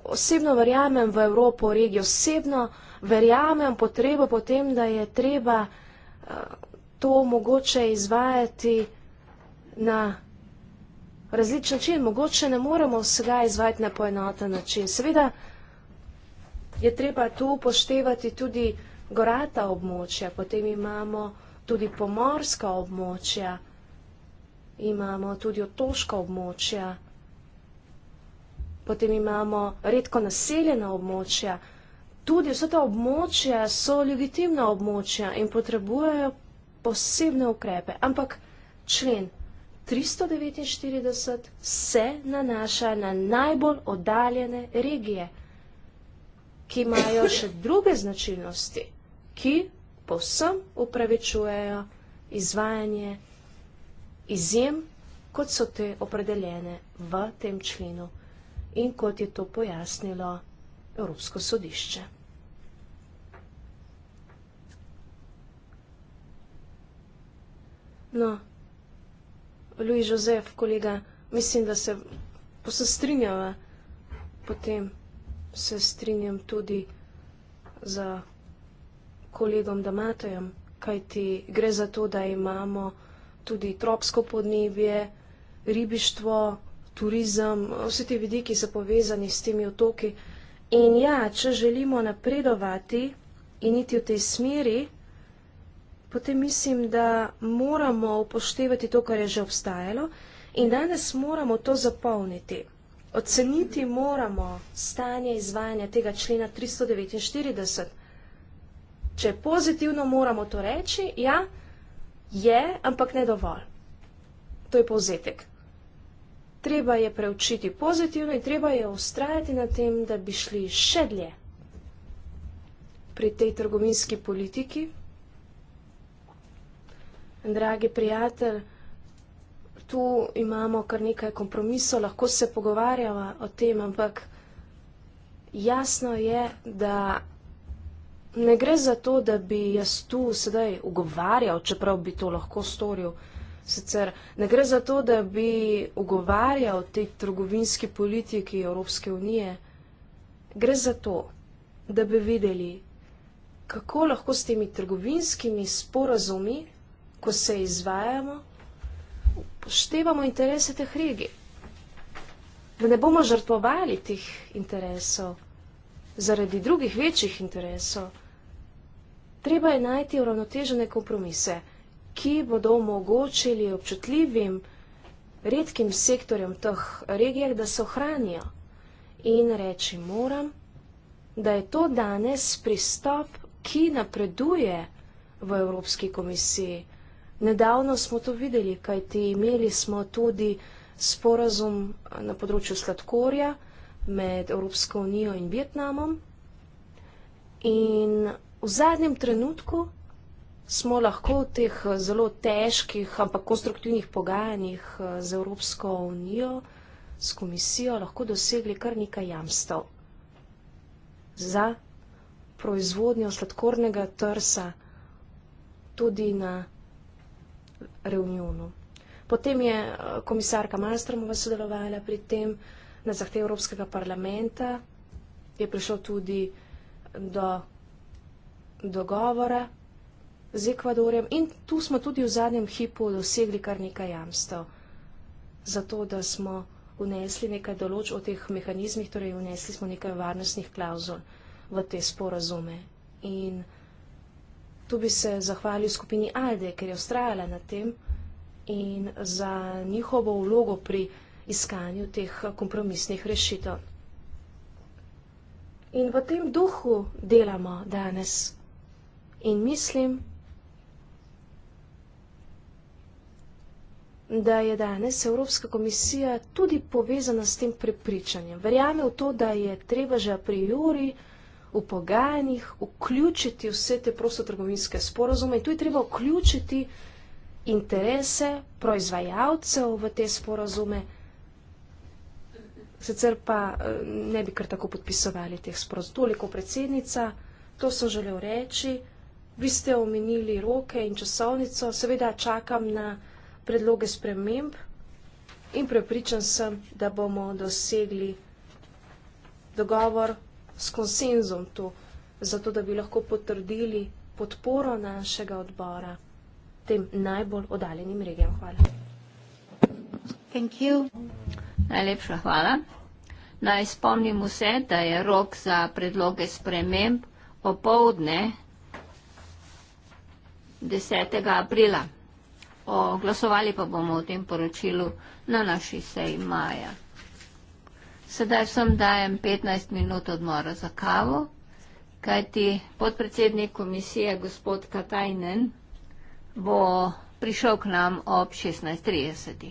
osebno verjamem v Evropo regijo osebno, verjamem potrebo potem, da je treba eh, to mogoče izvajati na različen način. Mogoče ne moremo vsega izvajati na poenoten način. Seveda je treba tu poštevati tudi gorata območja, potem imamo tudi pomorska območja, imamo tudi otoška območja, potem imamo redko naseljena območja, tudi vsa ta območja so legitimna območja in potrebujejo posebne ukrepe. Ampak člen 349 se nanaša na najbolj oddaljene regije, ki imajo še druge značilnosti, ki povsem upravičujejo izvajanje izjem, kot so te opredeljene v tem členu in kot je to pojasnilo Evropsko sodišče. No, Louis Jozef, kolega, mislim, da se posestrinjava. Potem se strinjam tudi za kolegom Damatojem, kajti gre za to, da imamo tudi tropsko podnebje, ribištvo, turizem, vse te vidiki so povezani s temi otoki. In ja, če želimo napredovati in iti v tej smeri, potem mislim, da moramo upoštevati to, kar je že obstajalo in danes moramo to zapolniti. Oceniti moramo stanje izvajanja tega člena 349. Če pozitivno moramo to reči, ja, je, ampak ne dovolj. To je povzetek. Treba je preučiti pozitivno in treba je ustrajati na tem, da bi šli še dlje pri tej trgovinski politiki, Dragi prijatelj, tu imamo kar nekaj kompromisov, lahko se pogovarjamo o tem, ampak jasno je, da ne gre za to, da bi jaz tu sedaj ugovarjal, čeprav bi to lahko storil. Sicer ne gre za to, da bi ugovarjal te trgovinske politike Evropske unije. Gre za to, da bi videli, kako lahko s temi trgovinskimi sporazumi ko se izvajamo, upoštevamo interese teh regij. Da ne bomo žrtvovali teh interesov zaradi drugih večjih interesov, treba je najti uravnotežene kompromise, ki bodo omogočili občutljivim redkim sektorjem teh regijah, da se ohranijo. In reči moram, da je to danes pristop, ki napreduje v Evropski komisiji. Nedavno smo to videli, kajti imeli smo tudi sporazum na področju sladkorja med Evropsko unijo in Vietnamom. In v zadnjem trenutku smo lahko v teh zelo težkih, ampak konstruktivnih pogajanjih eh, z Evropsko unijo, s komisijo, lahko dosegli kar nekaj jamstev za proizvodnjo sladkornega trsa tudi na Evropsko unijo. Reunionu. Potem je eh, komisarka Malmstromova sodelovala pri tem na zahtev Evropskega parlamenta, je prišlo tudi do dogovora z Ekvadorjem in tu smo tudi v zadnjem hipu dosegli kar nekaj jamstev. Zato, da smo vnesli nekaj določ o teh mehanizmih, torej vnesli smo nekaj varnostnih klauzul v te sporazume. In Tu bi se zahvalil skupini Alde, ker je ustrajala na tem in za njihovo vlogo pri iskanju teh kompromisnih rešitev. In v tem duhu delamo danes in mislim, da je danes Evropska komisija tudi povezana s tem prepričanjem. Verjame v to, da je treba že a priori vsega, v pogajanjih vključiti vse te prostotrgovinske sporozume in tu je treba vključiti interese proizvajalcev v te sporozume, sicer pa eh, ne bi kar tako podpisovali teh sporozumov. Toliko predsednica, to sem želel reči, vi ste omenili roke in časovnico, seveda čakam na predloge sprememb in prepričan sem, da bomo dosegli dogovor s konsenzom tu, zato da bi lahko potrdili podporo našega odbora tem najbolj oddaljenim regijam. Hvala. Thank you. Najlepša hvala. Naj spomnim vse, da je rok za predloge sprememb opovdne 10. aprila. O glasovali pa bomo o tem poročilu na naši seji maja. Sedaj vsem dajem 15 minut odmora za kavo, kajti podpredsednik komisije, gospod Katajnen, bo prišel k nam ob 16.30.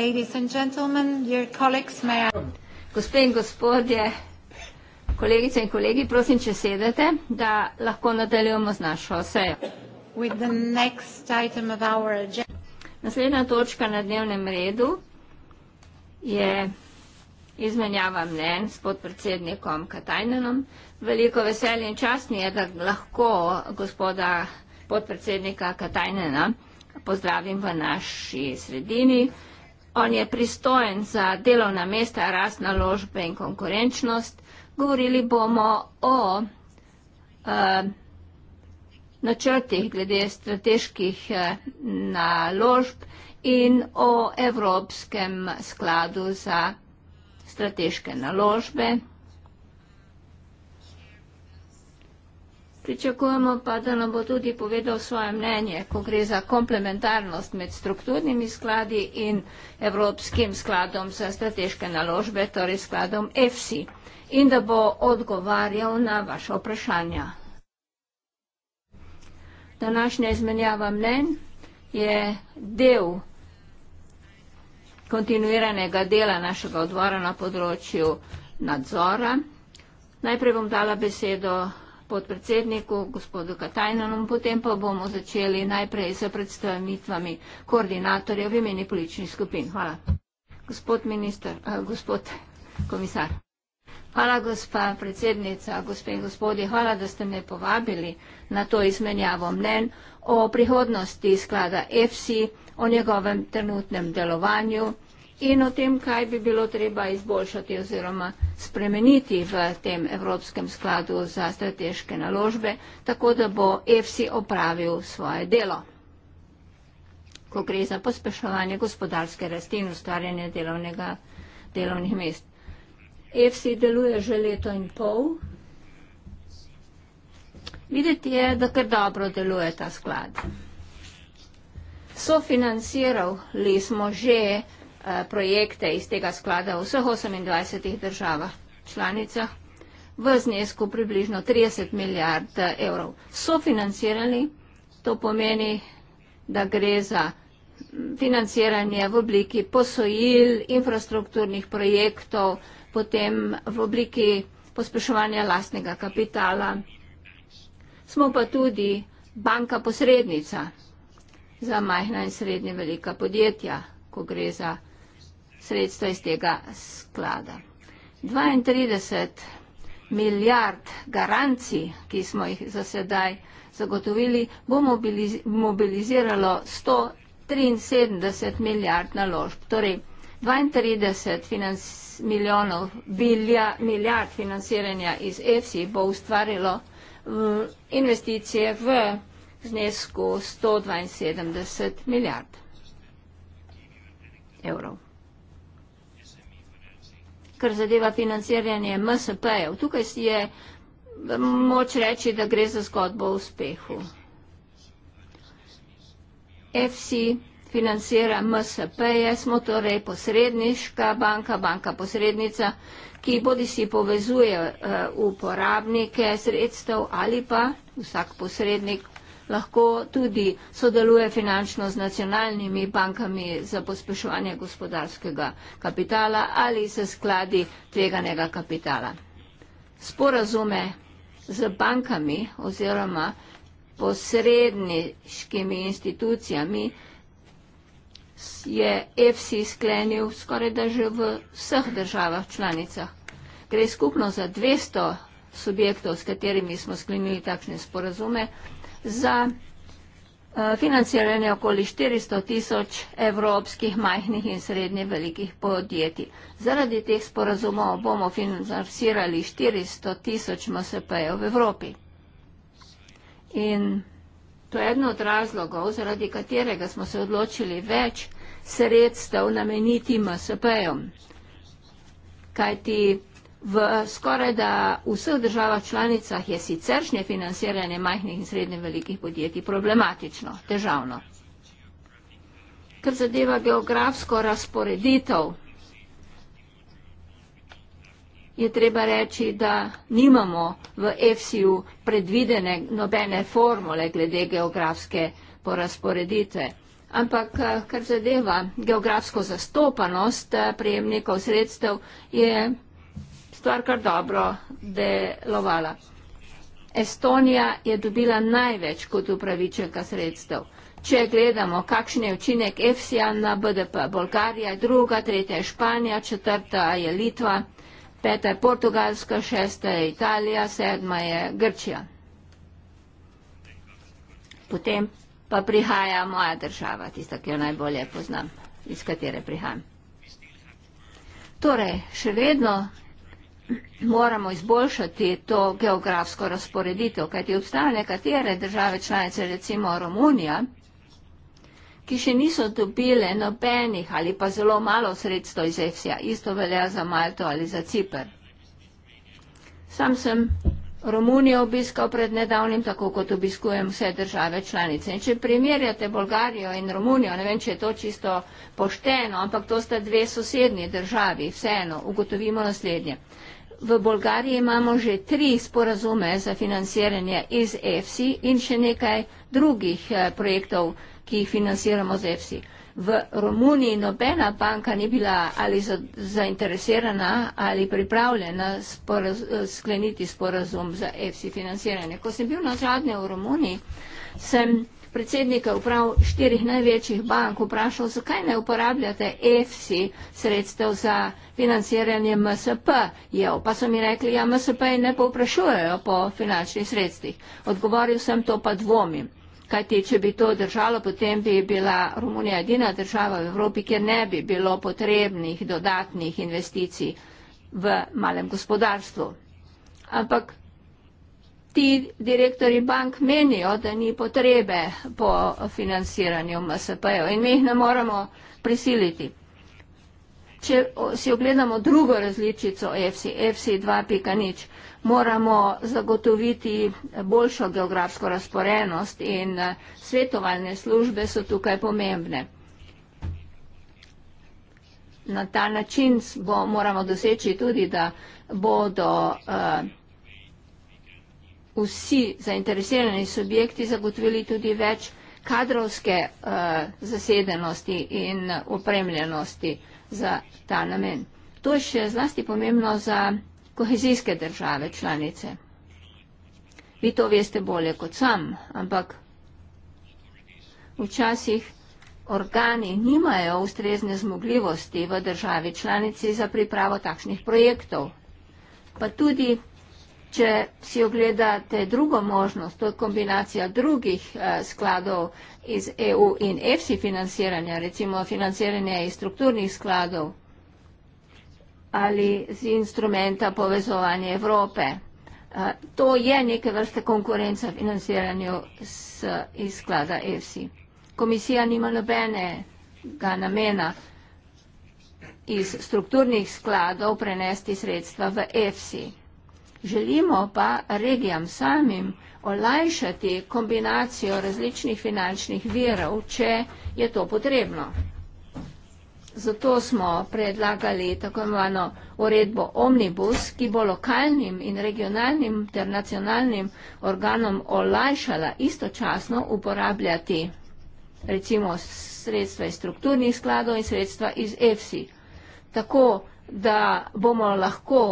Ladies and gentlemen, your colleagues may... Gospe in gospodje, kolegice in kolegi, prosim, če sedete, da lahko nadaljujemo z našo sejo. With the next item of our agenda. Naslednja točka na dnevnem redu je izmenjava mnen s podpredsednikom Katajnenom. Veliko veselje in čast mi je, da lahko gospoda podpredsednika Katajnena pozdravim v naši sredini. On je pristojen za delovna mesta, rast naložbe in konkurenčnost. Govorili bomo o uh, načrtih glede strateških uh, naložb in o Evropskem skladu za strateške naložbe. Pričakujemo pa, da nam bo tudi povedal svoje mnenje, ko gre za komplementarnost med strukturnimi skladi in Evropskim skladom za strateške naložbe, torej skladom EFSI, in da bo odgovarjal na vaše vprašanja. Današnja izmenjava mnen je del kontinuiranega dela našega odvora na področju nadzora. Najprej bom dala besedo podpredsedniku, gospodu Katajnanu, potem pa bomo začeli najprej s predstavitvami koordinatorja v imeni političnih skupin. Hvala. Gospod minister, eh, gospod komisar. Hvala, gospa predsednica, gospe in gospodje, hvala, da ste me povabili na to izmenjavo mnen o prihodnosti sklada EFSI, o njegovem trenutnem delovanju in o tem, kaj bi bilo treba izboljšati oziroma spremeniti v tem Evropskem skladu za strateške naložbe, tako da bo EFSI opravil svoje delo. Ko gre za pospeševanje gospodarske rasti in ustvarjanje delovnih mest. EFSI deluje že leto in pol. Videti je, da kar dobro deluje ta sklad. Sofinancirali smo že Eh, projekte iz tega sklada v vseh 28 državah članicah v znesku približno 30 milijard evrov. Sofinancirali, to pomeni, da gre za financiranje v obliki posojil, infrastrukturnih projektov, potem v obliki pospeševanja lastnega kapitala. Smo pa tudi banka posrednica za majhna in srednje velika podjetja, ko gre za sredstva iz tega sklada. 32 milijard garancij, ki smo jih za sedaj zagotovili, bo mobiliziralo 173 milijard naložb. Torej 32 milijonov bilja, milijard financiranja iz ECI bo ustvarilo investicije v znesku 172 milijard evrov kar zadeva financiranje MSP-jev. Tukaj si je moč reči, da gre za zgodbo o uspehu. FC financira MSP-je, smo torej posredniška banka, banka posrednica, ki bodi si povezuje uh, uporabnike sredstev ali pa vsak posrednik lahko tudi sodeluje finančno z nacionalnimi bankami za pospeševanje gospodarskega kapitala ali se skladi tveganega kapitala. Sporazume z bankami oziroma posredniškimi institucijami je EFSI sklenil skoraj da že v vseh državah članicah. Gre skupno za 200 subjektov, s katerimi smo sklenili takšne sporazume za eh, financiranje okoli 400 tisoč evropskih majhnih in srednje velikih podjetij. Zaradi teh sporazumov bomo financirali 400 tisoč MSP-jev v Evropi. In to je eno od razlogov, zaradi katerega smo se odločili več sredstev nameniti MSP-jem. Kaj ti V eh, skoraj da vseh državah članicah je siceršnje financiranje majhnih in srednje velikih podjetij problematično, težavno. Ker zadeva geografsko razporeditev, je treba reči, da nimamo v EFSI-u predvidene nobene formule glede geografske porazporeditve. Ampak, eh, kar zadeva geografsko zastopanost eh, prejemnikov sredstev, je nekaj, stvar kar dobro delovala. Estonija je dobila največ kot upravičenka sredstev. Če gledamo, kakšen je učinek EFSI-ja na BDP, Bolgarija je druga, tretja je Španija, četrta je Litva, peta je Portugalska, šesta je Italija, sedma je Grčija. Potem pa prihaja moja država, tista, ki jo najbolje poznam, iz katere prihajam. Torej, še vedno moramo izboljšati to geografsko razporeditev, kajti obstajajo nekatere države članice, recimo Romunija, ki še niso dobile nobenih ali pa zelo malo sredstev iz EFSI-ja. Isto velja za Malto ali za Cipr. Sam sem Romunijo obiskal pred nedavnim, tako kot obiskujem vse države članice. In če primerjate Bolgarijo in Romunijo, ne vem, če je to čisto pošteno, ampak to sta dve sosednji državi, vseeno, ugotovimo naslednje v Bolgariji imamo že tri sporazume za financiranje iz EFSI in še nekaj drugih eh, projektov, ki jih financiramo z EFSI. V Romuniji nobena banka ni bila ali zainteresirana ali pripravljena sporaz skleniti sporazum za EFSI financiranje. Ko sem bil na zadnje v Romuniji, sem predsednike uprav štirih največjih bank vprašal, zakaj ne uporabljate EFSI sredstev za financiranje MSP. Jel, pa so mi rekli, ja, MSP ne povprašujejo po finančnih sredstvih. Odgovoril sem to pa dvomim. Kajti, če bi to držalo, potem bi bila Romunija edina država v Evropi, kjer ne bi bilo potrebnih dodatnih investicij v malem gospodarstvu. Ampak ti direktori bank menijo, da ni potrebe po financiranju MSP-jev in mi jih ne moremo prisiliti. Če si ogledamo drugo različico EFSI, EFSI 2.0, moramo zagotoviti boljšo geografsko razporenost in eh, svetovalne službe so tukaj pomembne. Na ta način moramo doseči tudi, da bodo uh, vsi zainteresirani subjekti zagotovili tudi več kadrovske uh, zasedenosti in opremljenosti za ta namen. To je še zlasti pomembno za kohezijske države članice. Vi to veste bolje kot sam, ampak včasih organi nimajo ustrezne zmogljivosti v državi članici za pripravo takšnih projektov. Pa tudi Če si ogledate drugo možnost, to je kombinacija drugih eh, skladov iz EU in EFSI financiranja, recimo financiranje iz strukturnih skladov ali z instrumenta povezovanja Evrope. Eh, to je neke vrste konkurenca financiranju iz sklada EFSI. Komisija nima nobenega namena iz strukturnih skladov prenesti sredstva v EFSI. Želimo pa regijam samim olajšati kombinacijo različnih finančnih virov, če je to potrebno. Zato smo predlagali tako imeno uredbo Omnibus, ki bo lokalnim in regionalnim ter nacionalnim organom olajšala istočasno uporabljati recimo sredstva iz strukturnih skladov in sredstva iz EFSI. Tako, da bomo lahko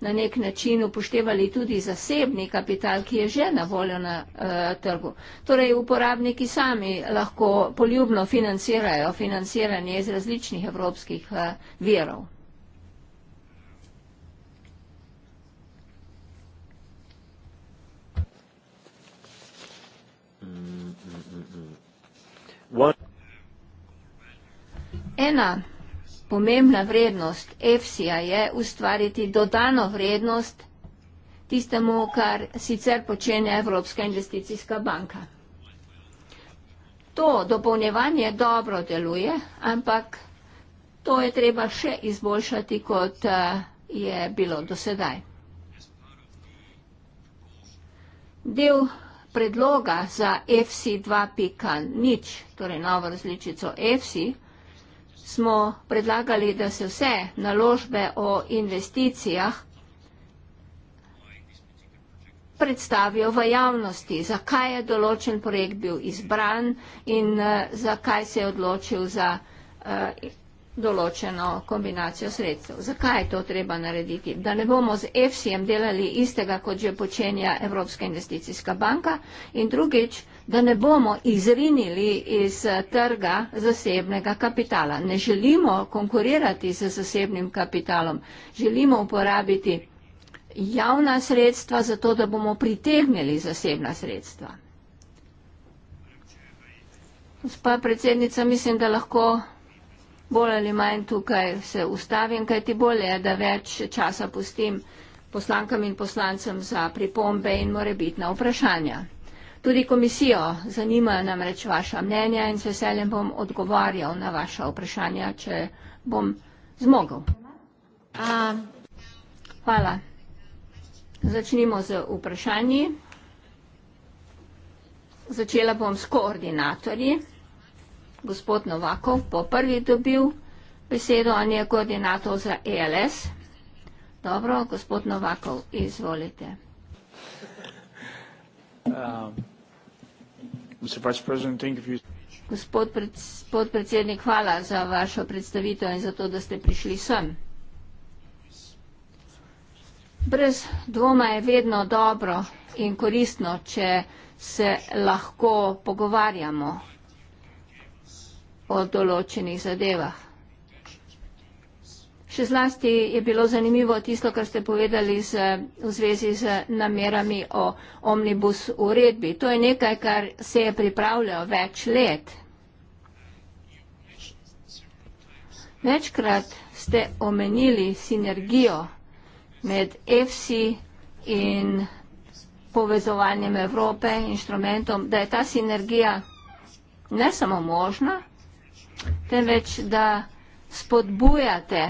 na nek način upoštevali tudi zasebni kapital, ki je že na voljo na uh, trgu. Torej uporabniki sami lahko poljubno financirajo financiranje iz različnih evropskih uh, virov. Mm, mm, mm, mm. Ena pomembna vrednost EFSI-ja je ustvariti dodano vrednost tistemu, kar sicer počene Evropska investicijska banka. To dopolnjevanje dobro deluje, ampak to je treba še izboljšati, kot eh, je bilo dosedaj. Del predloga za EFSI 2.0, torej novo različico EFSI, smo predlagali, da se vse naložbe o investicijah predstavijo v javnosti, zakaj je določen projekt bil izbran in eh, zakaj se je odločil za eh, določeno kombinacijo sredstev. Zakaj je to treba narediti? Da ne bomo z EFSI-jem delali istega, kot že počenja Evropska investicijska banka in drugič, da ne bomo izrinili iz trga zasebnega kapitala. Ne želimo konkurirati z zasebnim kapitalom, želimo uporabiti javna sredstva, zato da bomo pritegnili zasebna sredstva. Gospa predsednica, mislim, da lahko bolj ali manj tukaj se ustavim, kaj ti bolje je, da več časa pustim poslankam in poslancem za pripombe in morebitna vprašanja. Tudi komisijo zanimajo namreč vaša mnenja in se veseljem bom odgovarjal na vaša vprašanja, če bom zmogel. A, hvala. Začnimo z vprašanji. Začela bom s koordinatorji. Gospod Novakov bo prvi dobil besedo, on je koordinator za ELS. Dobro, gospod Novakov, izvolite. Um. Gospod podpredsednik, hvala za vašo predstavitev in za to, da ste prišli sem. Brez dvoma je vedno dobro in koristno, če se lahko pogovarjamo o določenih zadevah. Še zlasti je bilo zanimivo tisto, kar ste povedali z, v zvezi z namerami o omnibus uredbi. To je nekaj, kar se je pripravljalo več let. Večkrat ste omenili sinergijo med EFSI in povezovanjem Evrope, inštrumentom, da je ta sinergija ne samo možna, temveč da spodbujate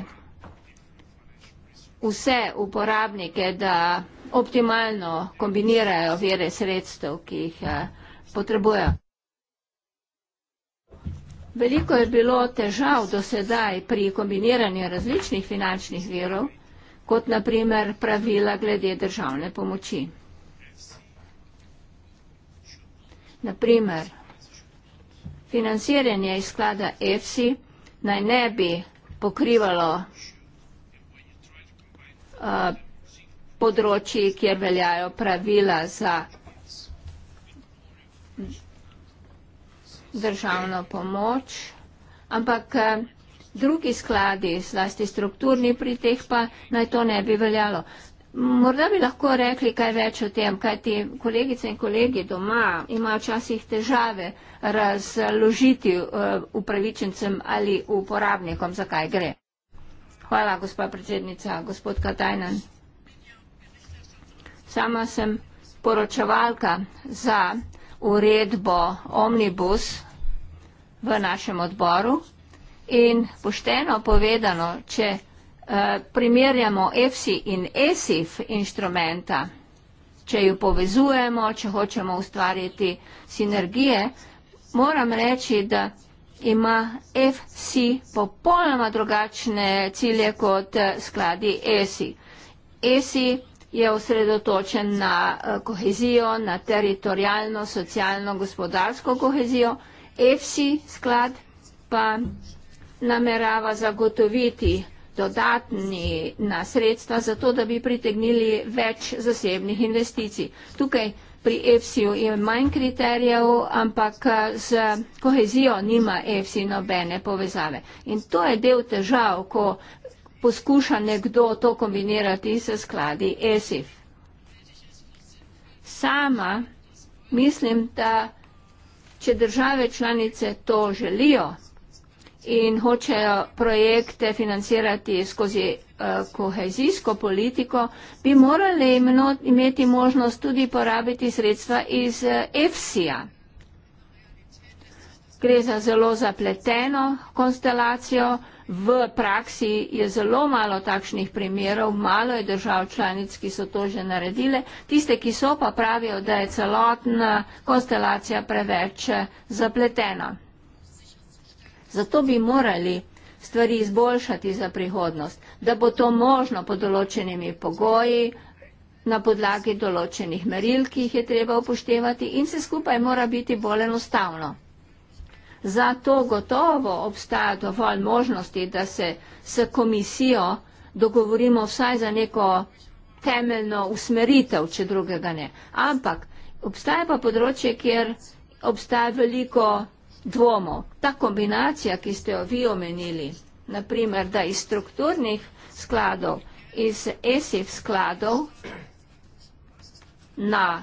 vse uporabnike, da optimalno kombinirajo vire sredstev, ki jih eh, potrebujejo. Veliko je bilo težav do sedaj pri kombiniranju različnih finančnih virov, kot naprimer pravila glede državne pomoči. Naprimer, financiranje iz sklada EFSI naj ne bi pokrivalo področji, kjer veljajo pravila za državno pomoč, ampak drugi skladi, zlasti strukturni pri teh pa naj to ne bi veljalo. Morda bi lahko rekli kaj več o tem, kaj ti kolegice in kolegi doma imajo včasih težave razložiti upravičencem ali uporabnikom, zakaj gre. Hvala, gospa predsednica. Gospod Katajnen. Sama sem poročevalka za uredbo Omnibus v našem odboru in pošteno povedano, če eh, primerjamo EFSI in ESIF inštrumenta, če ju povezujemo, če hočemo ustvariti sinergije, moram reči, da ima FC popolnoma drugačne cilje kot eh, skladi ESI. ESI je osredotočen na eh, kohezijo, na teritorijalno, socialno, gospodarsko kohezijo. FC sklad pa namerava zagotoviti dodatni na sredstva, zato da bi pritegnili več zasebnih investicij. Tukaj pri EFSI-ju je manj kriterijev, ampak eh, z kohezijo nima EFSI nobene povezave. In to je del težav, ko poskuša nekdo to kombinirati s skladi ESIF. Sama mislim, da če države članice to želijo, in hočejo projekte financirati skozi eh, kohezijsko politiko, bi morali imeti možnost tudi porabiti sredstva iz EFSI-ja. Eh, Gre za zelo zapleteno konstelacijo, v praksi je zelo malo takšnih primerov, malo je držav članic, ki so to že naredile, tiste, ki so pa pravijo, da je celotna konstelacija preveč eh, zapletena. Zato bi morali stvari izboljšati za prihodnost, da bo to možno pod določenimi pogoji, na podlagi določenih meril, ki jih je treba upoštevati in se skupaj mora biti bolj enostavno. Zato gotovo obstaja dovolj možnosti, da se s komisijo dogovorimo vsaj za neko temeljno usmeritev, če drugega ne. Ampak obstaja pa področje, kjer obstaja veliko dvomov. Ta kombinacija, ki ste jo vi omenili, naprimer, da iz strukturnih skladov, iz ESIF skladov na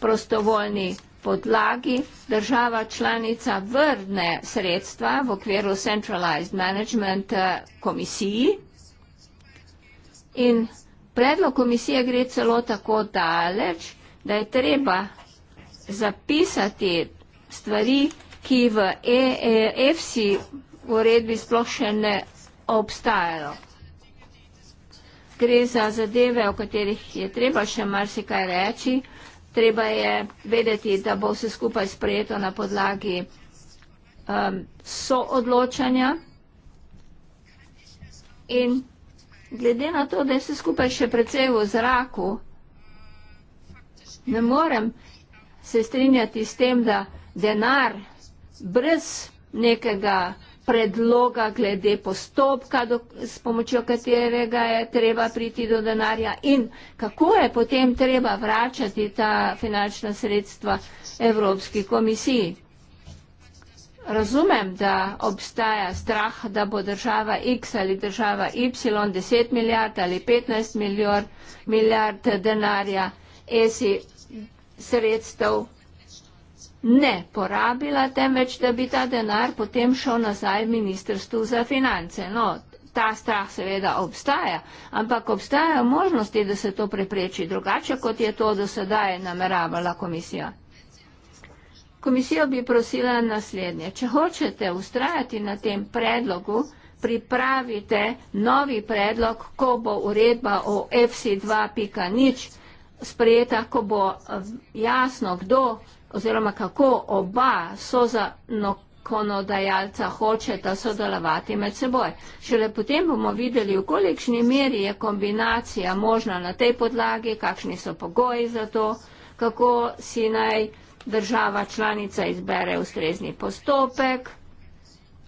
prostovoljni podlagi država članica vrne sredstva v okviru Centralized Management eh, komisiji in predlog komisije gre celo tako daleč, da je treba zapisati stvari, ki je treba zapisati, ki v EFSI e uredbi sploh še ne obstajajo. Gre za zadeve, o katerih je treba še marsikaj reči. Treba je vedeti, da bo vse skupaj sprejeto na podlagi um, soodločanja in glede na to, da je vse skupaj še precej v zraku, ne morem se strinjati s tem, da denar brez nekega predloga glede postopka, do, s pomočjo katerega je treba priti do denarja in kako je potem treba vračati ta finančna sredstva Evropski komisiji. Razumem, da obstaja strah, da bo država X ali država Y 10 milijard ali 15 milijard denarja ESI sredstev ne porabila, temveč da bi ta denar potem šel nazaj ministrstvu za finance. No, ta strah seveda obstaja, ampak obstajajo možnosti, da se to prepreči drugače, kot je to do sedaj nameravala komisija. Komisijo bi prosila naslednje. Če hočete ustrajati na tem predlogu, pripravite novi predlog, ko bo uredba o FC2.0 sprejeta, ko bo eh, jasno, kdo oziroma kako oba so za konodajalca hočeta sodelovati med seboj. Šele potem bomo videli, v kolikšni meri je kombinacija možna na tej podlagi, kakšni so pogoji za to, kako si naj država članica izbere ustrezni postopek,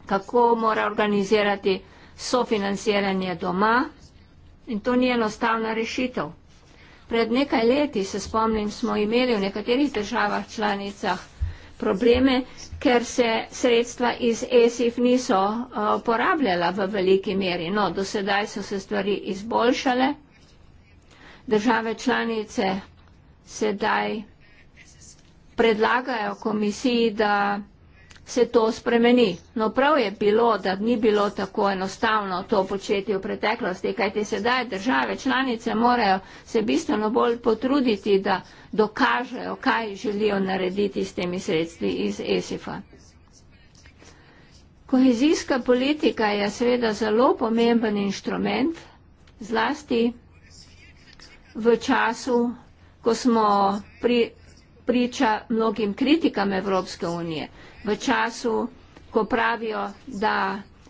kako mora organizirati sofinanciranje doma. In to ni enostavna rešitev. Pred nekaj leti, se spomnim, smo imeli v nekaterih državah članicah probleme, ker se sredstva iz ESIF niso uporabljala eh, v veliki meri. No, do sedaj so se stvari izboljšale. Države članice sedaj predlagajo komisiji, da predlagajo komisiji, se to spremeni. No prav je bilo, da ni bilo tako enostavno to početi v preteklosti, kajti sedaj države članice morajo se bistveno bolj potruditi, da dokažejo, kaj želijo narediti s temi sredstvi iz ESIF-a. Kohezijska politika je seveda zelo pomemben inštrument, zlasti v času, ko smo pri priča mnogim kritikam Evropske unije. V času, ko pravijo, da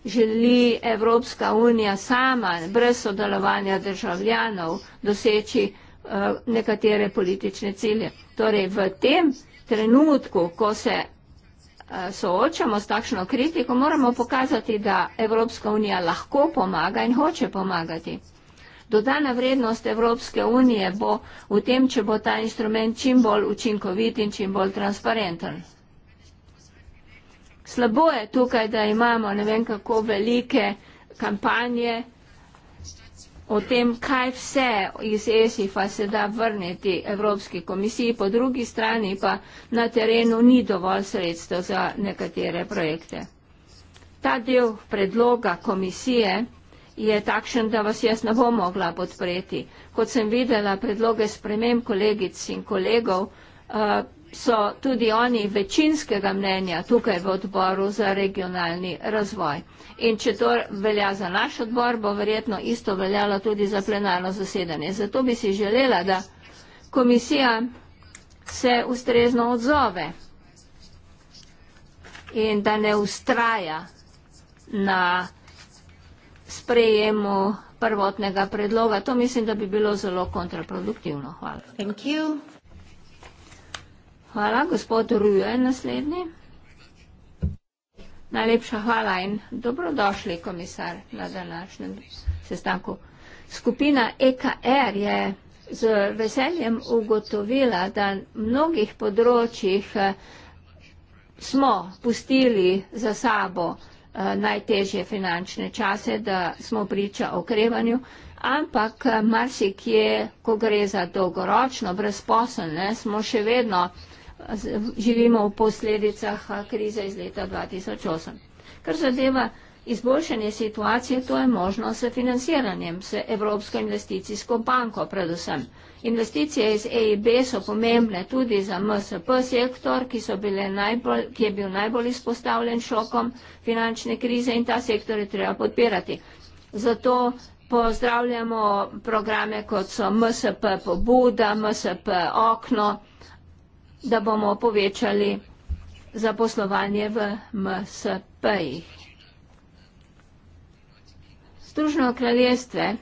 želi Evropska unija sama, brez sodelovanja državljanov, doseči uh, nekatere politične cilje. Torej, v tem trenutku, ko se uh, soočamo s takšno kritiko, moramo pokazati, da Evropska unija lahko pomaga in hoče pomagati dodana vrednost Evropske unije bo v tem, če bo ta instrument čim bolj učinkovit in čim bolj transparenten. Slabo je tukaj, da imamo ne vem kako velike kampanje o tem, kaj vse iz ESIF-a se da vrniti Evropski komisiji, po drugi strani pa na terenu ni dovolj sredstev za nekatere projekte. Ta del predloga komisije je takšen, da vas jaz ne bom mogla podpreti. Kot sem videla predloge spremem kolegic in kolegov, eh, so tudi oni večinskega mnenja tukaj v odboru za regionalni razvoj. In če to velja za naš odbor, bo verjetno isto veljalo tudi za plenarno zasedanje. Zato bi si želela, da komisija se ustrezno odzove in da ne ustraja na vsega, sprejemu prvotnega predloga. To mislim, da bi bilo zelo kontraproduktivno. Hvala. Thank you. Hvala. Gospod Ruju je naslednji. Najlepša hvala in dobrodošli, komisar, na današnjem sestanku. Skupina EKR je z veseljem ugotovila, da mnogih področjih eh, smo pustili za sabo Eh, najtežje finančne čase, da smo priča okrevanju, ampak eh, marsikje, ko gre za dolgoročno brezposelne, smo še vedno živimo v posledicah eh, krize iz leta 2008. Kar zadeva izboljšanje situacije, to je možno s financiranjem, s Evropsko investicijsko banko predvsem. Investicije iz EIB so pomembne tudi za MSP sektor, ki, najbolj, ki je bil najbolj izpostavljen šokom finančne krize in ta sektor je treba podpirati. Zato pozdravljamo programe, kot so MSP pobuda, MSP okno, da bomo povečali zaposlovanje v MSP-jih. Združeno kraljestve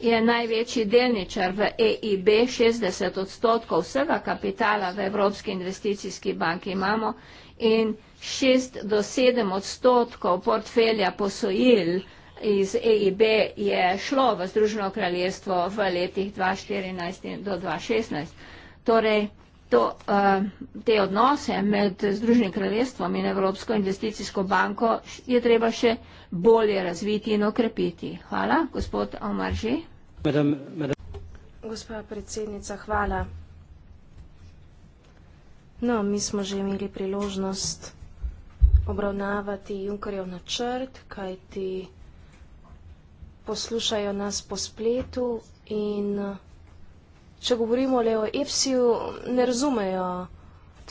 je največji delničar v EIB, 60 odstotkov vsega kapitala v Evropski investicijski banki imamo in 6 do 7 odstotkov portfelja posojil iz EIB je šlo v Združeno kraljestvo v letih 2014 do 2016. Torej, to, eh, te odnose med Združenim kraljestvom in Evropsko investicijsko banko je treba še bolje razviti in okrepiti. Hvala, gospod Omarži. Gospa predsednica, hvala. No, mi smo že imeli priložnost obravnavati Junkerjev načrt, kajti poslušajo nas po spletu in če govorimo le o EPSI-ju, ne razumejo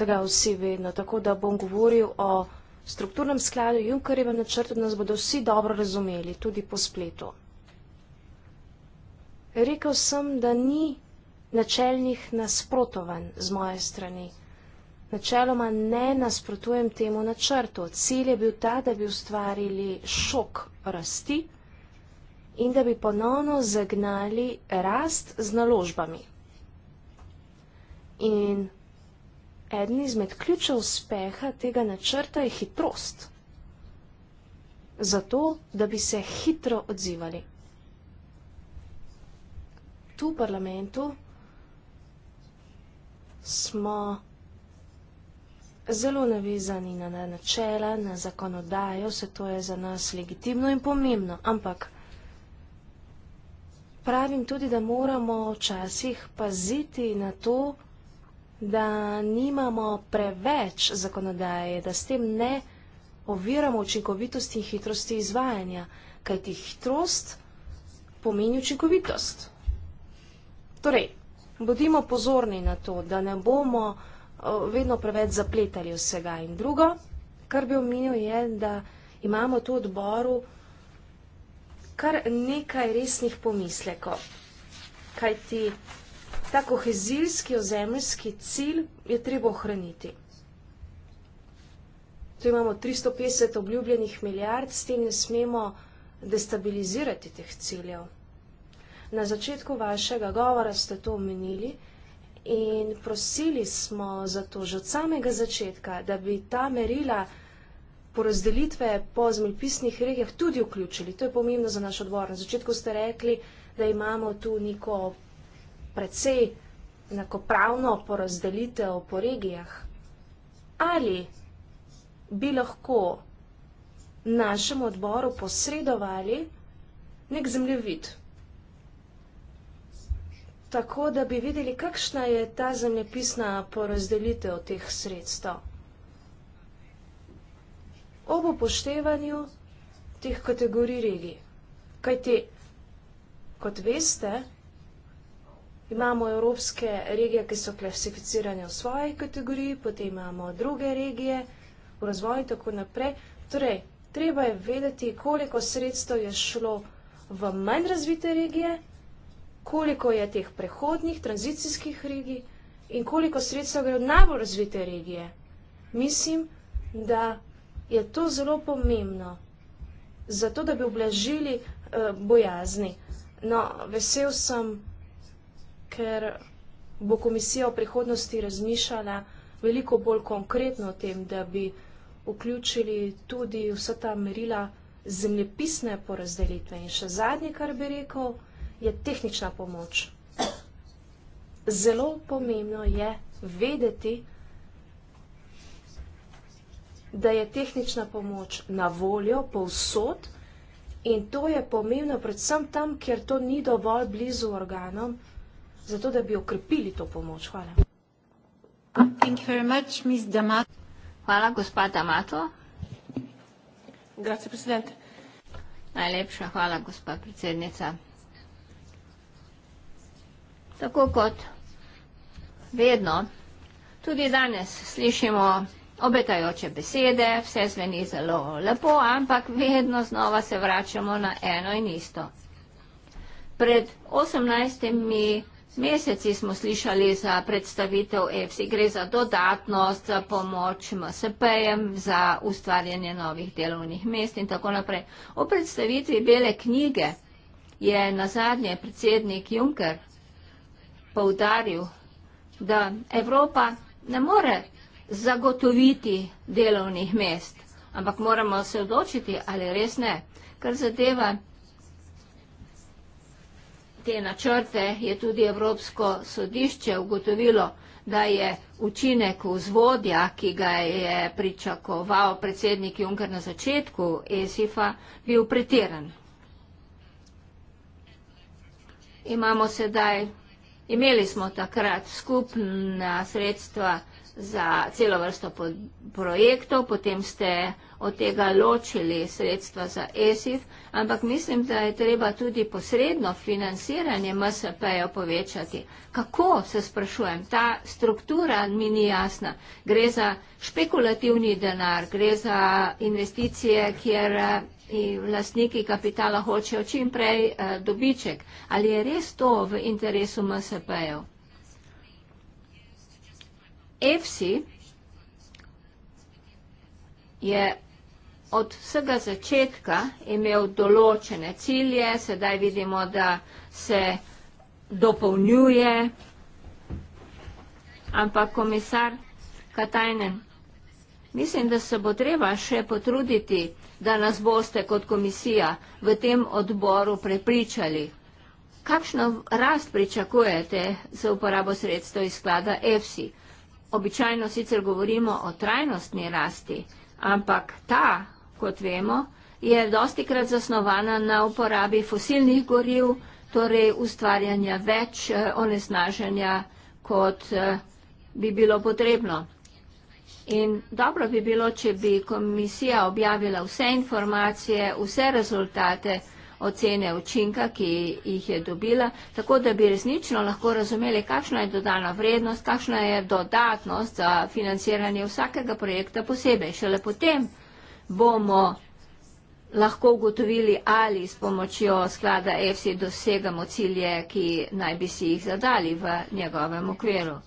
tega vsi vedno. Tako da bom govoril o strukturnem skladu Junkerjeva načrtu, nas bodo vsi dobro razumeli, tudi po spletu. Rekl sem, da ni načelnih nasprotovanj z moje strani. Načeloma ne nasprotujem temu načrtu. Cilj je bil ta, da bi ustvarili šok rasti in da bi ponovno zagnali rast z naložbami. In eden izmed ključev uspeha tega načrta je hitrost. Zato, da bi se hitro odzivali tu v parlamentu smo zelo navezani na načela, na zakonodajo, vse to je za nas legitimno in pomembno, ampak pravim tudi, da moramo včasih paziti na to, da nimamo preveč zakonodaje, da s tem ne oviramo učinkovitosti in hitrosti izvajanja, kajti hitrost pomeni učinkovitost. Torej, bodimo pozorni na to, da ne bomo vedno preveč zapletali vsega. In drugo, kar bi omenil, je, da imamo tu odboru kar nekaj resnih pomislekov. Kaj ti ta kohezilski ozemljski cilj je treba ohraniti. Tu imamo 350 obljubljenih milijard, s tem ne smemo destabilizirati teh ciljev. Na začetku vašega govora ste to omenili in prosili smo za to že od samega začetka, da bi ta merila porazdelitve po zemljepisnih regijah tudi vključili. To je pomembno za naš odbor. Na začetku ste rekli, da imamo tu neko precej enakopravno porazdelitev po regijah. Ali bi lahko našemu odboru posredovali nek zemljevid? tako, da bi videli, kakšna je ta zemljepisna porazdelitev teh sredstev. Ob upoštevanju teh kategorij regij. Kaj te, kot veste, imamo evropske regije, ki so klasificirane v svoji kategoriji, potem imamo druge regije v razvoju in tako naprej. Torej, treba je vedeti, koliko sredstev je šlo v manj razvite regije, koliko je teh prehodnih, tranzicijskih regij in koliko sredstva gre od najbolj razvite regije. Mislim, da je to zelo pomembno, zato da bi oblažili eh, bojazni. No, vesel sem, ker bo komisija o prihodnosti razmišljala veliko bolj konkretno o tem, da bi vključili tudi vsa ta merila zemljepisne porazdelitve. In še zadnje, kar bi rekel, je tehnična pomoč. Zelo pomembno je vedeti, da je tehnična pomoč na voljo, povsod, in to je pomembno predvsem tam, kjer to ni dovolj blizu organom, zato da bi okrepili to pomoč. Hvala. Thank you very much, Ms. Hvala, gospa Damato. Najlepša hvala, gospa predsednica. Tako kot vedno, tudi danes slišimo obetajoče besede, vse zveni zelo lepo, ampak vedno znova se vračamo na eno in isto. Pred 18. meseci smo slišali za predstavitev EFSI, gre za dodatnost, za pomoč MSP-jem, za ustvarjanje novih delovnih mest in tako naprej. O predstavitvi bele knjige je nazadnje predsednik Juncker poudaril, da Evropa ne more zagotoviti delovnih mest, ampak moramo se odločiti, ali res ne. Kar zadeva te načrte, je tudi Evropsko sodišče ugotovilo, da je učinek vzvodja, ki ga je pričakoval predsednik Juncker na začetku ESIF-a, bil pretiran. Imamo sedaj Imeli smo takrat skupna sredstva za celo vrsto projektov, potem ste od tega ločili sredstva za ESIF, ampak mislim, da je treba tudi posredno financiranje MSP-jev povečati. Kako, se sprašujem, ta struktura mi ni jasna. Gre za špekulativni denar, gre za investicije, kjer lastniki kapitala hočejo čimprej eh, dobiček. Ali je res to v interesu MSP-jev? EFSI je od vsega začetka imel določene cilje, sedaj vidimo, da se dopolnjuje, ampak komisar Katajnen Mislim, da se bo treba še potruditi, da nas boste kot komisija v tem odboru prepričali. Kakšno rast pričakujete za uporabo sredstev iz sklada EFSI? Običajno sicer govorimo o trajnostni rasti, ampak ta, kot vemo, je dosti krat zasnovana na uporabi fosilnih goriv, torej ustvarjanja več eh, onesnaženja, kot eh, bi bilo potrebno. In dobro bi bilo, če bi komisija objavila vse informacije, vse rezultate ocene učinka, ki jih je dobila, tako da bi resnično lahko razumeli, kakšna je dodana vrednost, kakšna je dodatnost za financiranje vsakega projekta posebej. Šele potem bomo lahko ugotovili, ali s pomočjo sklada EFSI dosegamo cilje, ki naj bi si jih zadali v njegovem okviru.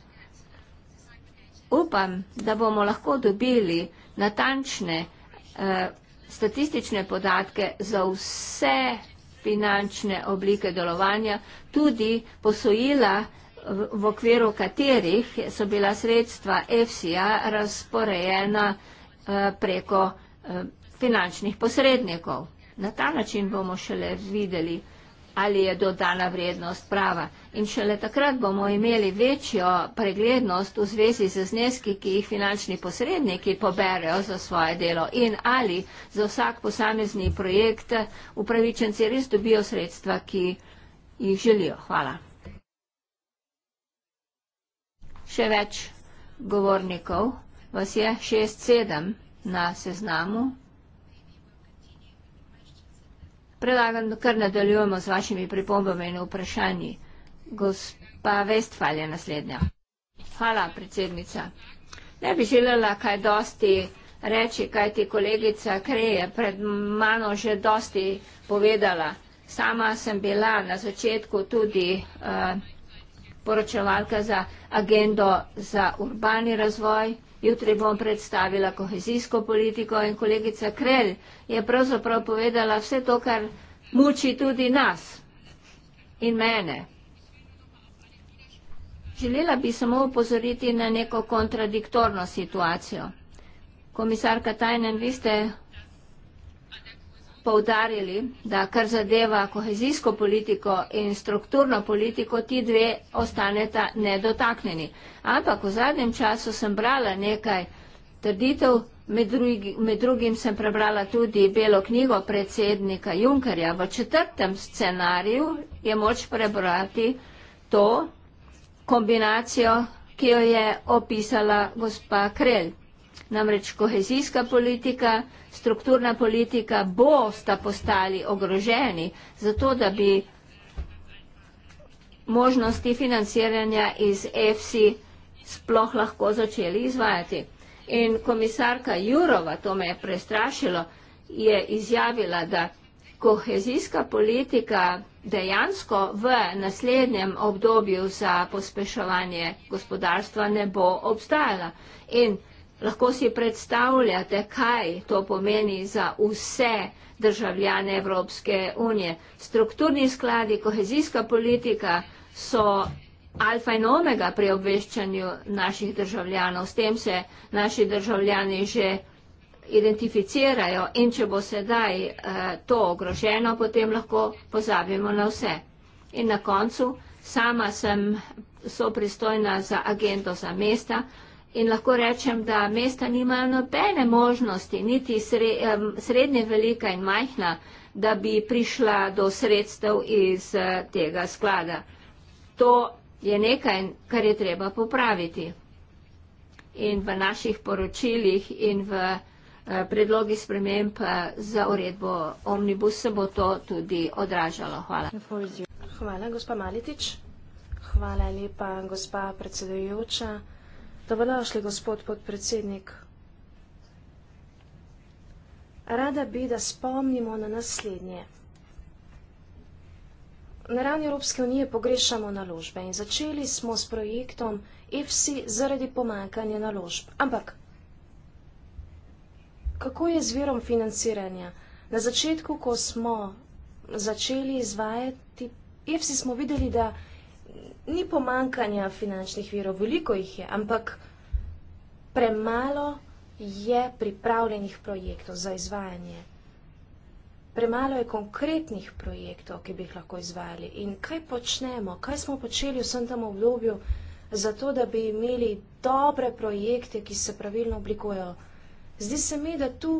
Upam, da bomo lahko dobili natančne eh, statistične podatke za vse finančne oblike delovanja, tudi posojila v okviru katerih so bila sredstva EFSI-ja razporejena eh, preko eh, finančnih posrednikov. Na ta način bomo šele videli ali je dodana vrednost prava. In šele takrat bomo imeli večjo preglednost v zvezi z zneski, ki jih finančni posredniki poberejo za svoje delo in ali za vsak posamezni projekt upravičenci res dobijo sredstva, ki jih želijo. Hvala. Še več govornikov. Vas je 6-7 na seznamu. Predlagam, da kar nadaljujemo z vašimi pripombami in vprašanji. Gospa Vestfal je naslednja. Hvala, predsednica. Ne bi želela kaj dosti reči, kaj ti kolegica Kreje pred mano že dosti povedala. Sama sem bila na začetku tudi uh, poročevalka za agendo za urbani razvoj. Jutri bom predstavila kohezijsko politiko in kolegica Krelj je pravzaprav povedala vse to, kar muči tudi nas in mene. Želela bi samo upozoriti na neko kontradiktorno situacijo. Komisarka Tajnen, vi ste poudarili, da kar zadeva kohezijsko politiko in strukturno politiko, ti dve ostaneta nedotaknjeni. Ampak v zadnjem času sem brala nekaj trditev, med, drugi, med drugim sem prebrala tudi belo knjigo predsednika Junkerja. V četrtem scenariju je moč prebrati to kombinacijo, ki jo je opisala gospa Krelj. Namreč kohezijska politika, strukturna politika bo sta postali ogroženi, zato da bi možnosti financiranja iz EFSI sploh lahko začeli izvajati. In komisarka Jurova, to me je prestrašilo, je izjavila, da kohezijska politika dejansko v naslednjem obdobju za pospeševanje gospodarstva ne bo obstajala. In Lahko si predstavljate, kaj to pomeni za vse državljane Evropske unije. Strukturni skladi, kohezijska politika so alfa in omega pri obveščanju naših državljanov. S tem se naši državljani že identificirajo in če bo sedaj eh, to ogroženo, potem lahko pozabimo na vse. In na koncu, sama sem so pristojna za agento za mesta, In lahko rečem, da mesta nimajo nobene možnosti, niti srednje velika in majhna, da bi prišla do sredstev iz eh, tega sklada. To je nekaj, kar je treba popraviti. In v naših poročilih in v eh, predlogi sprememb eh, za uredbo Omnibus se bo to tudi odražalo. Hvala. Hvala, gospa Maletič. Hvala lepa, gospa predsedujoča. Dobrodošli, gospod podpredsednik. Rada bi, da spomnimo na naslednje. Na ravni Evropske unije pogrešamo naložbe in začeli smo s projektom EFSI zaradi pomankanja naložb. Ampak, kako je z verom financiranja? Na začetku, ko smo začeli izvajati, EFSI smo videli, da je ni pomankanja finančnih virov, veliko jih je, ampak premalo je pripravljenih projektov za izvajanje. Premalo je konkretnih projektov, ki bi jih lahko izvajali. In kaj počnemo, kaj smo počeli v vsem tem obdobju, zato da bi imeli dobre projekte, ki se pravilno oblikujejo. Zdi se mi, da tu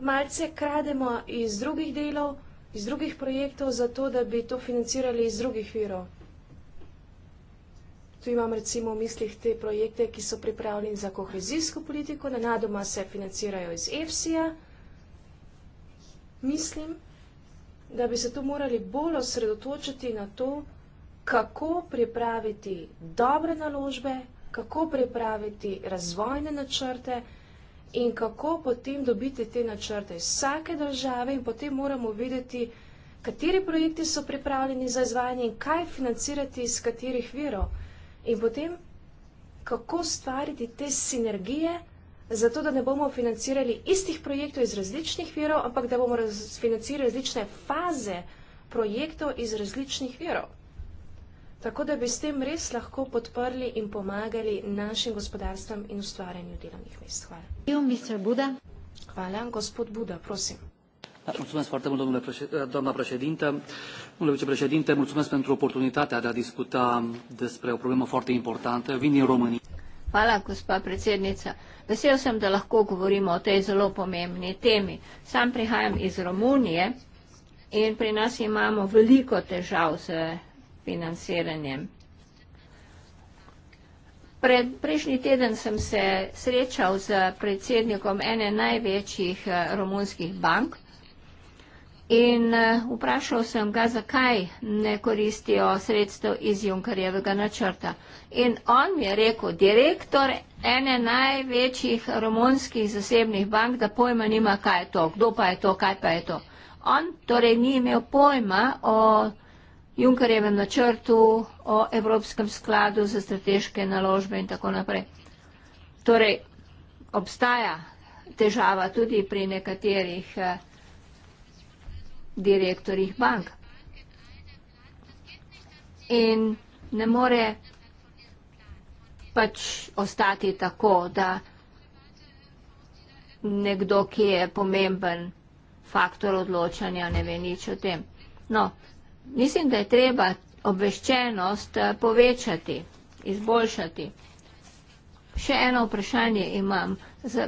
malce krademo iz drugih delov, iz drugih projektov, zato da bi to financirali iz drugih virov. Tu imam recimo v mislih te projekte, ki so pripravljeni za kohezijsko politiko, na nadoma se financirajo iz EFSI-ja. Mislim, da bi se tu morali bolj osredotočiti na to, kako pripraviti dobre naložbe, kako pripraviti razvojne načrte in kako potem dobiti te načrte iz vsake države in potem moramo videti, kateri projekti so pripravljeni za izvajanje in kaj financirati iz katerih virov in potem, kako ustvariti te sinergije, zato da ne bomo financirali istih projektov iz različnih virov, ampak da bomo financirali različne faze projektov iz različnih virov. Tako da bi s tem res lahko podprli in pomagali našim gospodarstvom in ustvarjanju delovnih mest. Hvala. Hvala, gospod Buda, prosim. Mulțumesc foarte mult, domnule președinte, eh, doamna președinte. Domnule vicepreședinte, mulțumesc pentru oportunitatea de a discuta despre o problemă foarte importantă. Vin din România. Hvala, gospa predsednica. Vesel sem, da lahko govorimo o tej zelo pomembni temi. Sam prihajam iz Romunije in pri nas imamo veliko težav z financiranjem. Pred prejšnji teden sem se srečal z predsednikom ene največjih eh, romunskih bank, In eh, vprašal sem ga, zakaj ne koristijo sredstev iz Junkarjevega načrta. In on mi je rekel, direktor ene največjih romunskih zasebnih bank, da pojma nima, kaj je to, kdo pa je to, kaj pa je to. On torej ni imel pojma o Junkarjevem načrtu, o Evropskem skladu za strateške naložbe in tako naprej. Torej, obstaja težava tudi pri nekaterih. Eh, direktorjih bank. In ne more pač ostati tako, da nekdo, ki je pomemben faktor odločanja, ne ve nič o tem. No, mislim, da je treba obveščenost eh, povečati, izboljšati. Še eno vprašanje imam,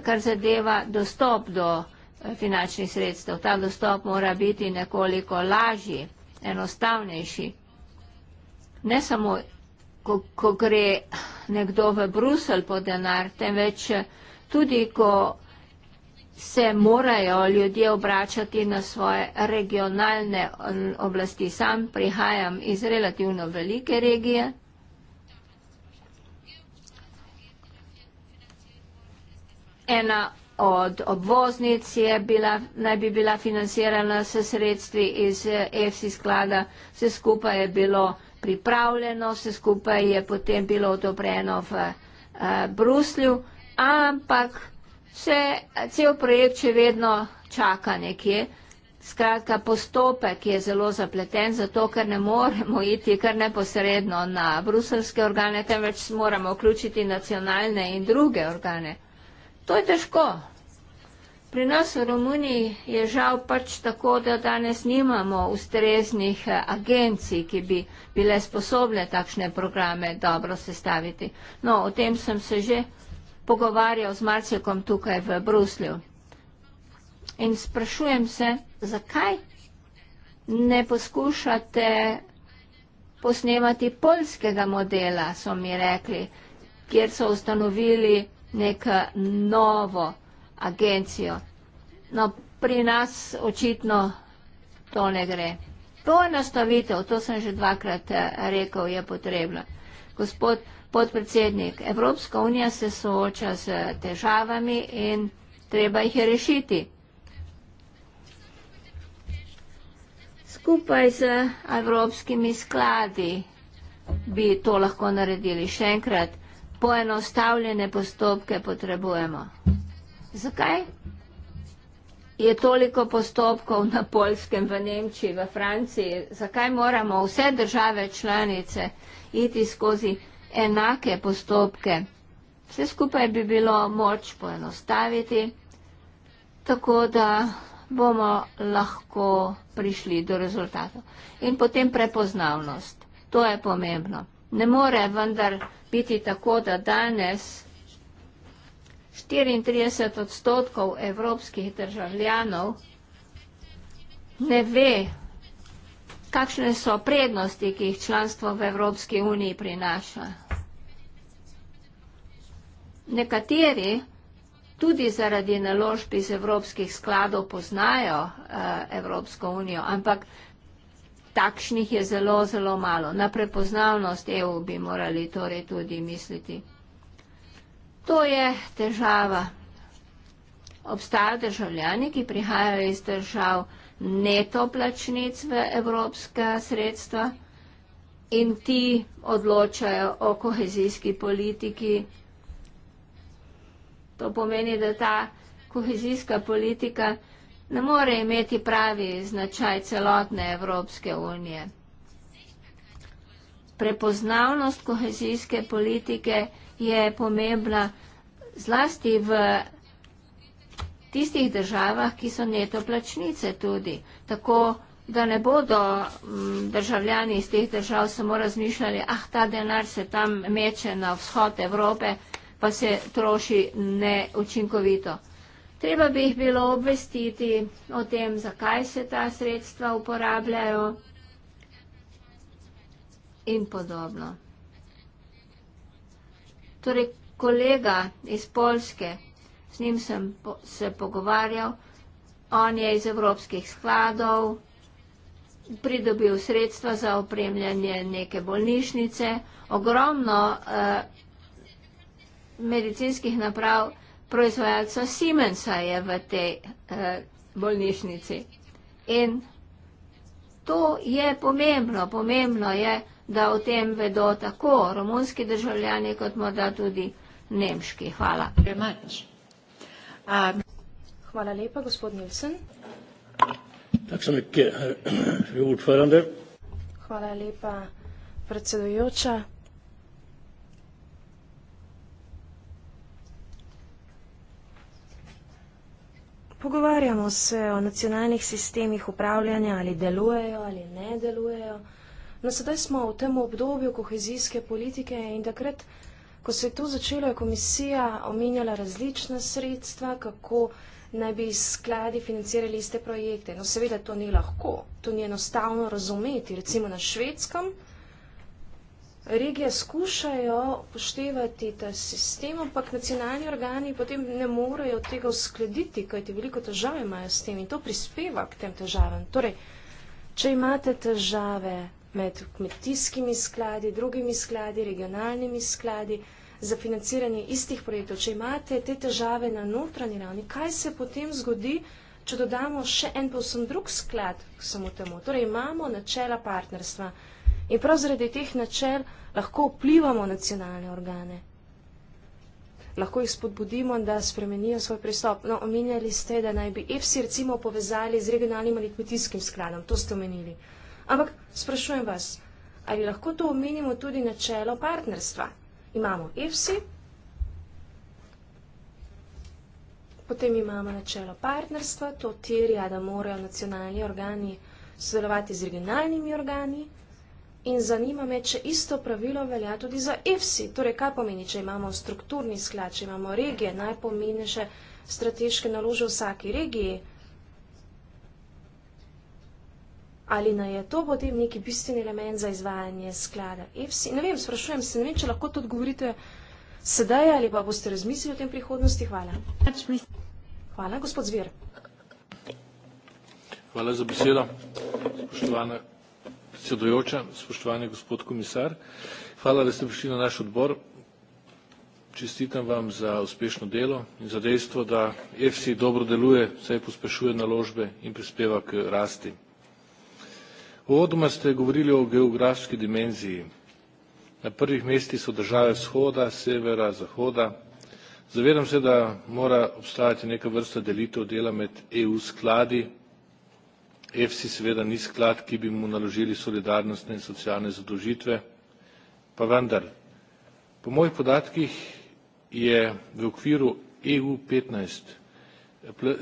kar zadeva dostop do informacij finančnih sredstev. Ta dostop mora biti nekoliko lažji, enostavnejši. Ne samo, ko, ko gre nekdo v Brusel po denar, temveč tudi, ko se morajo ljudje obračati na svoje regionalne um, oblasti. Sam prihajam iz relativno velike regije. Ena od obvoznic je bila, naj bi bila financirana s sredstvi iz EFSI eh, sklada, vse skupaj je bilo pripravljeno, vse skupaj je potem bilo odobreno v eh, Bruslju, ampak se, cel projekt še vedno čaka nekje. Skratka, postopek je zelo zapleten, zato ker ne moremo iti kar neposredno na bruselske organe, temveč moramo vključiti nacionalne in druge organe. To je težko, Pri nas v Romuniji je žal pač tako, da danes nimamo ustreznih eh, agencij, ki bi bile sposobne takšne programe dobro sestaviti. No, o tem sem se že pogovarjal z Marcikom tukaj v Bruslju. In sprašujem se, zakaj ne poskušate posnemati polskega modela, so mi rekli, kjer so ustanovili neko eh, novo agencijo. No, pri nas očitno to ne gre. Poenostavitev, to sem že dvakrat eh, rekel, je potrebna. Gospod podpredsednik, Evropska unija se sooča s težavami in treba jih rešiti. Skupaj z evropskimi skladi bi to lahko naredili. Še enkrat, poenostavljene postopke potrebujemo. Zakaj je toliko postopkov na Poljskem, v Nemčiji, v Franciji? Zakaj moramo vse države članice iti skozi enake postopke? Vse skupaj bi bilo moč poenostaviti, tako da bomo lahko prišli do rezultatov. In potem prepoznavnost. To je pomembno. Ne more vendar biti tako, da danes 34 odstotkov evropskih državljanov ne ve, kakšne so prednosti, ki jih članstvo v Evropski uniji prinaša. Nekateri tudi zaradi naložb iz evropskih skladov poznajo eh, Evropsko unijo, ampak takšnih je zelo, zelo malo. Na prepoznavnost EU bi morali torej tudi misliti. To je težava. Obstajajo državljani, ki prihajajo iz držav netoplačnic v evropska sredstva in ti odločajo o kohezijski politiki. To pomeni, da ta kohezijska politika ne more imeti pravi značaj celotne Evropske unije. Prepoznavnost kohezijske politike je je pomembna zlasti v tistih državah, ki so netoplačnice tudi. Tako, da ne bodo mm, državljani iz teh držav samo razmišljali, ah, ta denar se tam meče na vzhod Evrope, pa se troši neučinkovito. Treba bi jih bilo obvestiti o tem, zakaj se ta sredstva uporabljajo in podobno. Torej, kolega iz Polske, z njim sem po, se pogovarjal, on je iz evropskih skladov pridobil sredstva za opremljanje neke bolnišnice, ogromno eh, medicinskih naprav proizvajalca Siemensa je v tej eh, bolnišnici. In to je pomembno, pomembno je, da o tem vedo tako romunski državljani kot morda tudi nemški. Hvala. Hvala lepa, gospod Nilsen. Eh, Hvala lepa, predsedujoča. Pogovarjamo se o nacionalnih sistemih upravljanja, ali delujejo ali ne delujejo. Na no, sedaj smo v tem obdobju kohezijske politike in takrat, ko se je to začelo, je komisija omenjala različna sredstva, kako naj bi skladi financirali iste projekte. No, seveda to ni lahko, to ni enostavno razumeti. Recimo na švedskem regije skušajo poštevati ta sistem, ampak nacionalni organi potem ne morejo tega uskladiti, kajti veliko težav imajo s tem in to prispeva k tem težavam. Torej, če imate težave, med kmetijskimi skladi, drugimi skladi, regionalnimi skladi, za financiranje istih projektov. Če imate te težave na notranji ravni, kaj se potem zgodi, če dodamo še en povsem drug sklad k samo temu? Torej imamo načela partnerstva in prav zaradi teh načel lahko vplivamo nacionalne organe. Lahko jih spodbudimo, da spremenijo svoj pristop. No, omenjali ste, da naj bi EFSI recimo povezali z regionalnim ali kmetijskim skladom. To ste omenili. Ampak sprašujem vas, ali lahko to omenimo tudi načelo partnerstva? Imamo EFSI, potem imamo načelo partnerstva, to terja, da morajo nacionalni organi sodelovati z regionalnimi organi in zanima me, če isto pravilo velja tudi za EFSI. Torej, kaj pomeni, če imamo strukturni sklad, če imamo regije, najpomenejše strateške naložje v vsaki regiji, ali naj je to potem neki bistveni element za izvajanje sklada EFSI. Ne vem, sprašujem se, ne vem, če lahko to odgovorite sedaj ali pa boste razmislili o tem prihodnosti. Hvala. Hvala, gospod Zver. Hvala za besedo, spoštovana predsedujoča, spoštovani gospod komisar. Hvala, da ste prišli na naš odbor. Čestitam vam za uspešno delo in za dejstvo, da EFSI dobro deluje, saj pospešuje naložbe in prispeva k rasti uvodoma ste govorili o geografski dimenziji na prvih mestih so države vzhoda severa zahoda zavedam se da mora obstajati neka vrsta delitev dela med eu skladi efsi seveda ni sklad ki bi mu naložili solidarnostne in socialne zadolžitve pa vendar po mojih podatkih je v okviru EU petnajst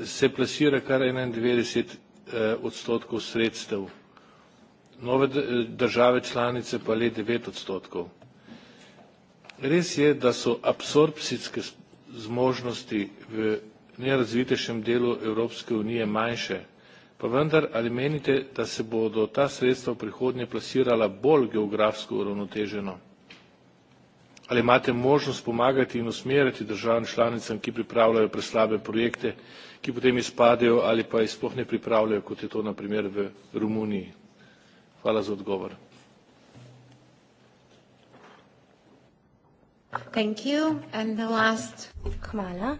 se plasira kar enaindevetdeset eh, odstotkov sredstev nove eh, države članice pa le devet odstotkov. Res je, da so absorpcijske zmožnosti v nerazvitejšem delu Evropske unije manjše, pa vendar ali menite, da se bodo ta sredstva v prihodnje plasirala bolj geografsko uravnoteženo? Ali imate možnost pomagati in usmeriti državam članicam, ki pripravljajo preslabe projekte, ki potem izpadejo ali pa jih sploh ne pripravljajo, kot je to naprimer v Romuniji? Hvala za odgovor. Thank you. And the last. Hvala.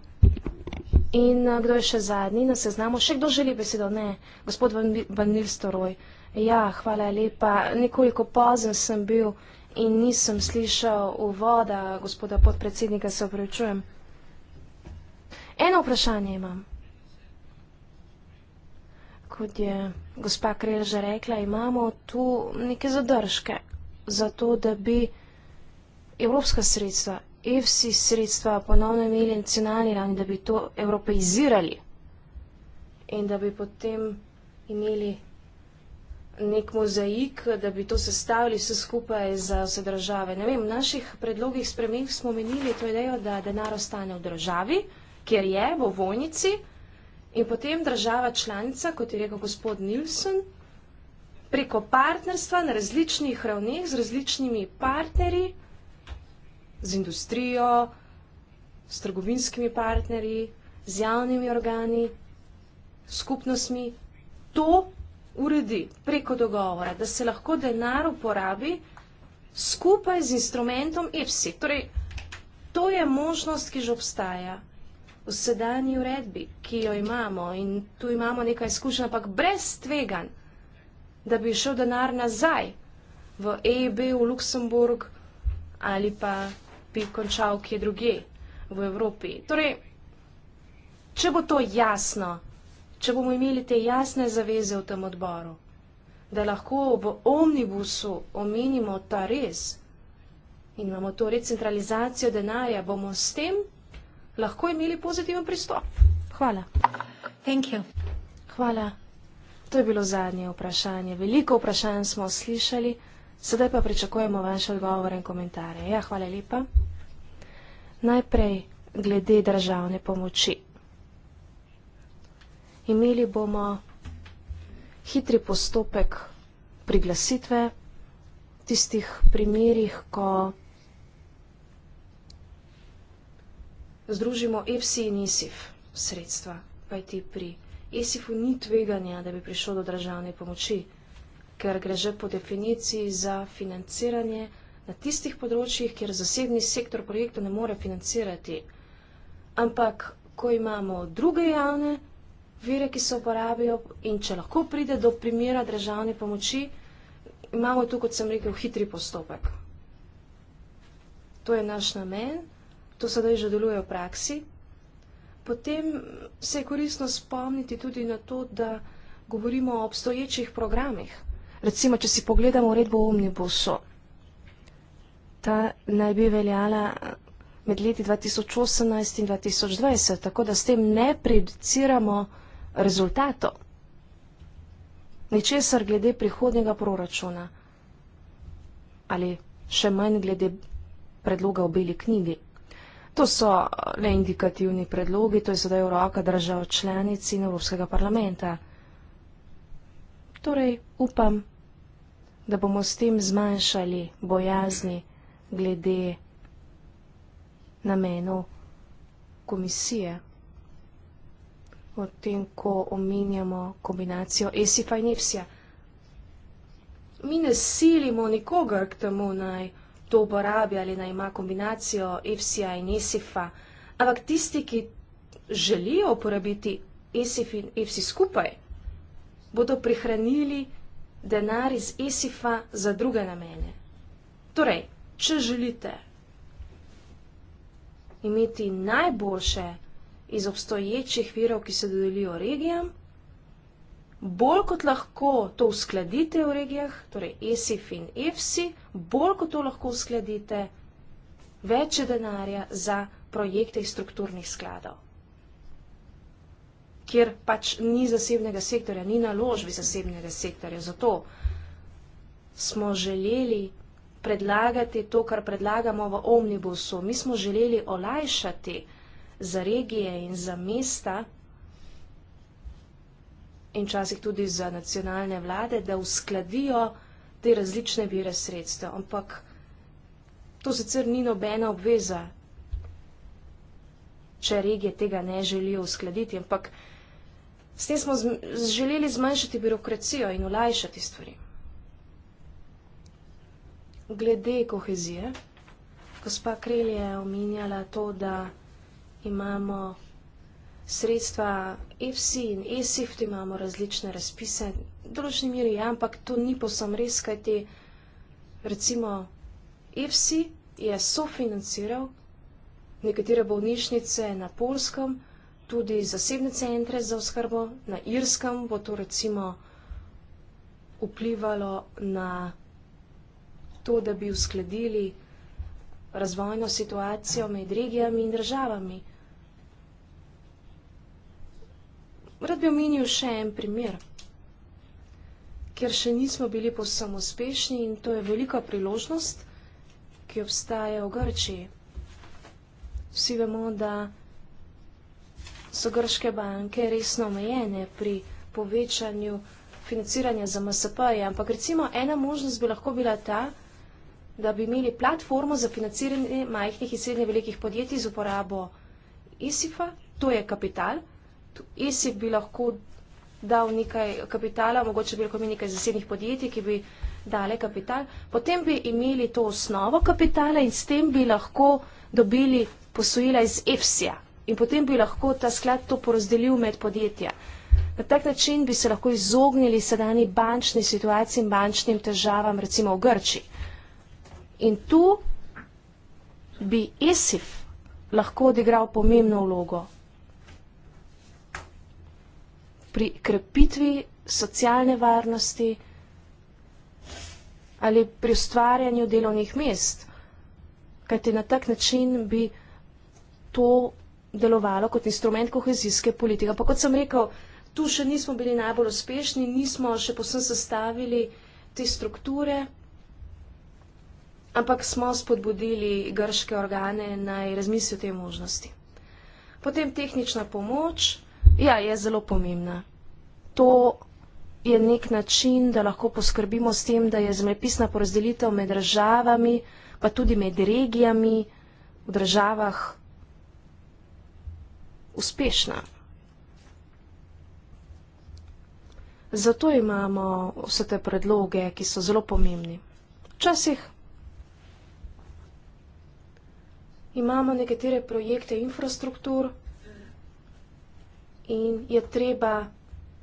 In uh, kdo je še zadnji na seznamu? Še kdo želi besedo? Ne, gospod Van Nilstoroj. Ja, hvala lepa. Nekoliko pozen sem bil in nisem slišal uvoda gospoda podpredsednika, se opravičujem. Eno vprašanje imam. Kot je gospa Krelj že rekla, imamo tu neke zadržke za to, da bi evropska sredstva, EFSI sredstva ponovno imeli nacionalni ravni, da bi to evropeizirali in da bi potem imeli nek mozaik, da bi to sestavili vse skupaj za vse države. Ne vem, v naših predlogih sprememb smo menili to idejo, da denar ostane v državi, kjer je, v vojnici, In potem država članica, kot je rekel gospod Nilsson, preko partnerstva na različnih ravneh z različnimi partnerji, z industrijo, s trgovinskimi partnerji, z javnimi organi, skupnostmi, to uredi preko dogovora, da se lahko denar uporabi skupaj z instrumentom EPSI. Torej, to je možnost, ki že obstaja v sedanji uredbi, ki jo imamo in tu imamo nekaj izkušenj, ampak brez tvegan, da bi šel denar nazaj v EIB v Luksemburg ali pa bi končal kje druge v Evropi. Torej, če bo to jasno, če bomo imeli te jasne zaveze v tem odboru, da lahko v omnibusu omenimo ta res in imamo to recentralizacijo denarja, bomo s tem lahko imeli pozitiven pristop. Hvala. Hvala. To je bilo zadnje vprašanje. Veliko vprašanj smo slišali, sedaj pa pričakujemo vaše odgovore in komentarje. Ja, hvala lepa. Najprej glede državne pomoči. Imeli bomo hitri postopek priglasitve tistih primerih, ko združimo EPSI in e ISIF sredstva, pa ti pri e ISIF-u ni tveganja, da bi prišlo do državne pomoči, ker gre že po definiciji za financiranje na tistih področjih, kjer zasebni sektor projektov ne more financirati. Ampak, ko imamo druge javne vire, ki se uporabijo in če lahko pride do primera državne pomoči, imamo tu, kot sem rekel, hitri postopek. To je naš namen to sedaj že deluje v praksi. Potem se je koristno spomniti tudi na to, da govorimo o obstoječih programih. Recimo, če si pogledamo uredbo o omnibusu, ta naj bi veljala med leti 2018 in 2020, tako da s tem ne prediciramo rezultato. Ničesar glede prihodnjega proračuna ali še manj glede predloga v beli knjigi. To so eh, le indikativni predlogi, to je sedaj v roka držav članici in Evropskega parlamenta. Torej, upam, da bomo s tem zmanjšali bojazni glede namenov komisije. O tem, ko omenjamo kombinacijo ESIFA in EFSIA. Mi ne silimo nikogar k temu naj to uporabi ali naj ima kombinacijo ESIF-a in ESIF-a. Ampak tisti, ki želijo uporabiti ESIF in ESIF skupaj, bodo prihranili denar iz ESIF-a za druge namene. Torej, če želite imeti najboljše iz obstoječih virov, ki se dodelijo regijam, bolj kot lahko to uskladite v regijah, torej ESIF in EFSI, bolj kot to lahko uskladite večje denarja za projekte iz strukturnih skladov, kjer pač ni zasebnega sektorja, ni naložbi zasebnega sektorja. Zato smo želeli predlagati to, kar predlagamo v Omnibusu. Mi smo želeli olajšati za regije in za mesta, in časih tudi za nacionalne vlade, da uskladijo te različne vire sredstev. Ampak to sicer ni nobena obveza, če regije tega ne želijo uskladiti, ampak s tem smo želeli zmanjšati birokracijo in olajšati stvari. Glede kohezije, gospa Krelj je omenjala to, da imamo sredstva, EFSI in ESIF, imamo različne razpise, v določni miri, ja, ampak to ni posem res, kajti recimo EFSI je sofinanciral nekatere bolnišnice na Polskem, tudi zasebne centre za oskrbo, na Irskem bo to recimo vplivalo na to, da bi uskladili razvojno situacijo med regijami in državami. rad bi omenil še en primer, kjer še nismo bili posebno uspešni in to je velika priložnost, ki obstaja v Grčiji. Vsi vemo, da so grške banke resno omejene pri povečanju financiranja za MSP, -je. ampak recimo ena možnost bi lahko bila ta, da bi imeli platformo za financiranje majhnih in srednje velikih podjetij z uporabo e ISIF-a, to je kapital, ISIK bi lahko dal nekaj kapitala, mogoče bi lahko imeli nekaj zasebnih podjetij, ki bi dale kapital, potem bi imeli to osnovo kapitala in s tem bi lahko dobili posojila iz EFSI-ja in potem bi lahko ta sklad to porazdelil med podjetja. Na tak način bi se lahko izognili sedajni bančni situaciji in bančnim težavam, recimo v Grči. In tu bi ESIF lahko odigral pomembno vlogo pri krepitvi socialne varnosti ali pri ustvarjanju delovnih mest. Kajti na tak način bi to delovalo kot instrument kohezijske politike. Pa kot sem rekel, tu še nismo bili najbolj uspešni, nismo še posebej sestavili te strukture, ampak smo spodbudili grške organe naj razmisli o tej možnosti. Potem tehnična pomoč. Ja, je zelo pomembna. To je nek način, da lahko poskrbimo s tem, da je zemljepisna porazdelitev med državami, pa tudi med regijami v državah uspešna. Zato imamo vse te predloge, ki so zelo pomembni. Včasih imamo nekatere projekte infrastruktur, in je treba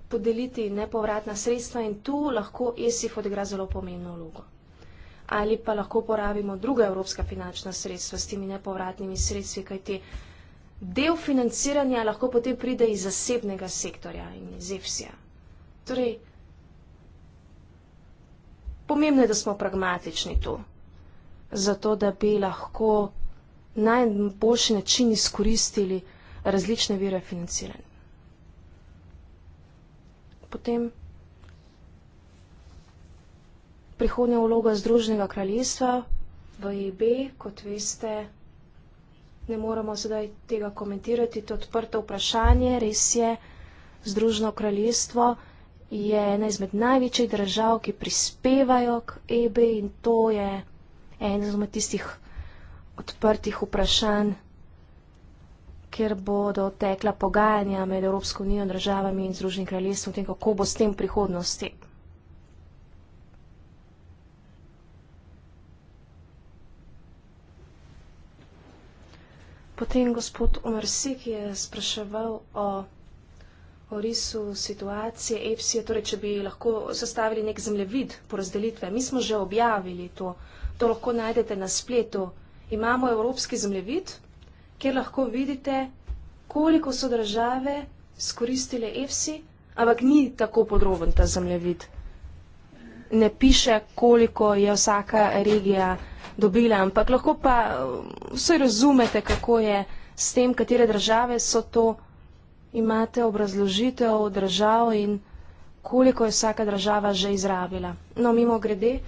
podeliti nepovratna sredstva in tu lahko ESIF odigra zelo pomembno vlogo. Ali pa lahko porabimo druga evropska finančna sredstva s temi nepovratnimi sredstvi, kajti del financiranja lahko potem pride iz zasebnega sektorja in iz EFSI-ja. Torej, pomembno je, da smo pragmatični tu, zato da bi lahko najboljši način izkoristili različne vire financiranja potem prihodnja vloga Združenega kraljestva v EB, kot veste, ne moramo sedaj tega komentirati, to je odprto vprašanje, res je, Združeno kraljestvo je ena izmed največjih držav, ki prispevajo k EB in to je en izmed tistih odprtih vprašanj, kjer bodo tekla pogajanja med Evropsko unijo in državami in Združenim kraljestvom, tem, kako bo s tem prihodnosti. Potem gospod Omersi, ki je spraševal o orisu situacije EPSI-je, torej, če bi lahko sestavili nek zemljevid porazdelitve. Mi smo že objavili to, to lahko najdete na spletu. Imamo evropski zemljevid, kjer lahko vidite, koliko so države skoristile EFSI, ampak ni tako podroben ta zemljevid. Ne piše, koliko je vsaka regija dobila, ampak lahko pa eh, vse razumete, kako je s tem, katere države so to, imate obrazložitev držav in koliko je vsaka država že izrabila. No, mimo grede.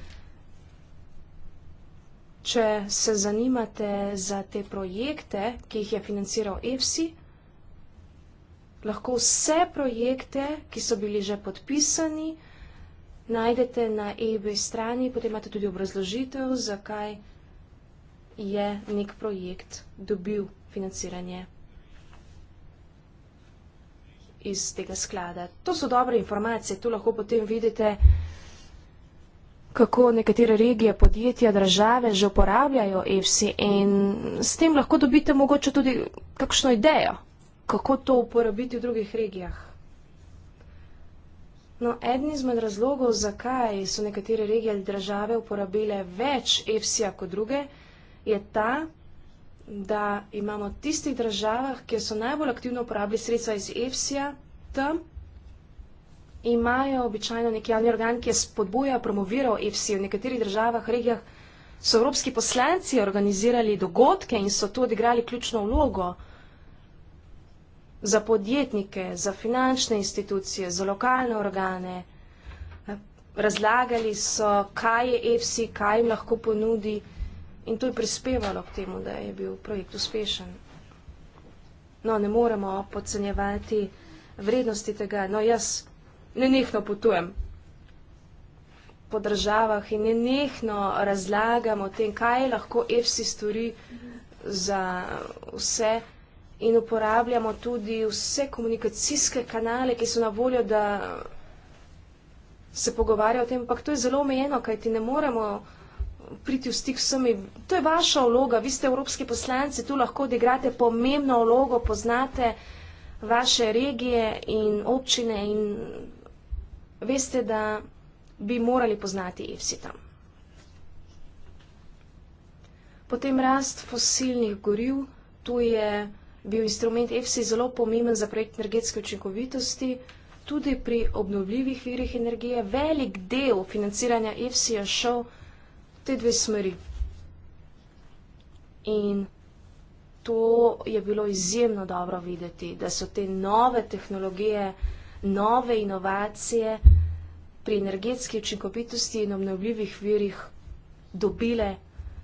Če se zanimate za te projekte, ki jih je financiral EFSI, lahko vse projekte, ki so bili že podpisani, najdete na EBE strani, potem imate tudi obrazložitev, zakaj je nek projekt dobil financiranje iz tega sklada. To so dobre informacije, tu lahko potem vidite, kako nekatere regije, podjetja, države že uporabljajo EFSI in s tem lahko dobite mogoče tudi kakšno idejo, kako to uporabiti v drugih regijah. No, edni izmed razlogov, zakaj so nekatere regije ali države uporabile več EFSI-ja kot druge, je ta, da imamo v tistih državah, kjer so najbolj aktivno uporabili sredstva iz EFSI-ja, tam imajo običajno neki javni organ, ki je spodbujal, promoviral EFSI. V nekaterih državah, regijah so evropski poslanci organizirali dogodke in so tu odigrali ključno vlogo za podjetnike, za finančne institucije, za lokalne organe. Razlagali so, kaj je EFSI, kaj jim lahko ponudi in to je prispevalo k temu, da je bil projekt uspešen. No, ne moremo podcenjevati vrednosti tega. No, jaz nenehno potujem po državah in nenehno razlagam o tem, kaj lahko EFSI stori za vse in uporabljamo tudi vse komunikacijske kanale, ki so na voljo, da se pogovarja o tem, ampak to je zelo omejeno, kaj ti ne moremo priti v stik vsemi. To je vaša vloga, vi ste evropski poslanci, tu lahko odigrate pomembno vlogo, poznate vaše regije in občine in veste, da bi morali poznati Efsita. Potem rast fosilnih goriv, tu je bil instrument EFSI zelo pomemben za projekt energetske učinkovitosti, tudi pri obnovljivih virih energije. Velik del financiranja EFSI je šel v te dve smeri. In to je bilo izjemno dobro videti, da so te nove tehnologije vsega, nove inovacije pri energetski učinkovitosti in obnovljivih virih dobile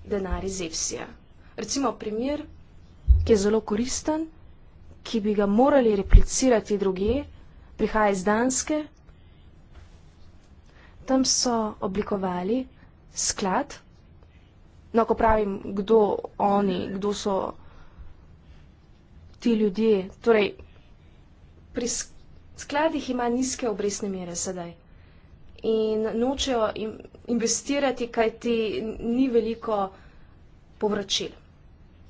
denar iz EFSI-ja. Recimo primer, ki je zelo koristen, ki bi ga morali replicirati druge, prihaja iz Danske. Tam so oblikovali sklad. No, ko pravim, kdo oni, kdo so ti ljudje, torej pri skladu, skladih ima nizke obresne mere sedaj in nočejo investirati, kaj ti ni veliko povračil.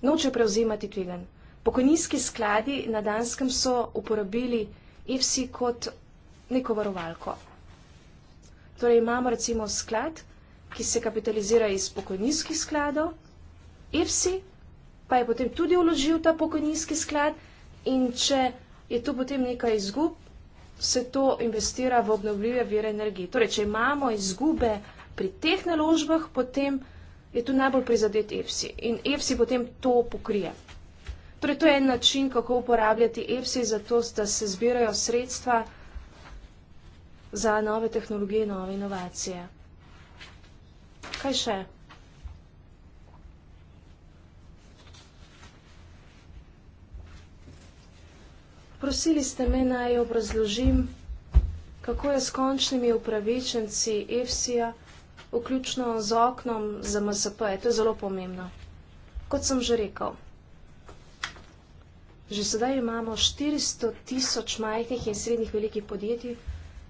Nočejo prevzemati tvegan. Pokojninski skladi na Danskem so uporabili EFSI kot neko varovalko. Torej imamo recimo sklad, ki se kapitalizira iz pokojninskih skladov, EFSI pa je potem tudi uložil ta pokojninski sklad in če je tu potem nekaj izgub, se to investira v obnovljive vire energije. Torej, če imamo izgube pri teh naložbah, potem je tu najbolj prizadet EFSI in EFSI potem to pokrije. Torej, to je en način, kako uporabljati EFSI za to, da se zbirajo sredstva za nove tehnologije, nove inovacije. Kaj še? Prosili ste me naj obrazložim, kako je s končnimi upravičenci EFSI-ja, vključno z oknom za MSP. -e. To je zelo pomembno. Kot sem že rekel, že sedaj imamo 400 tisoč majhnih in srednjih velikih podjetij,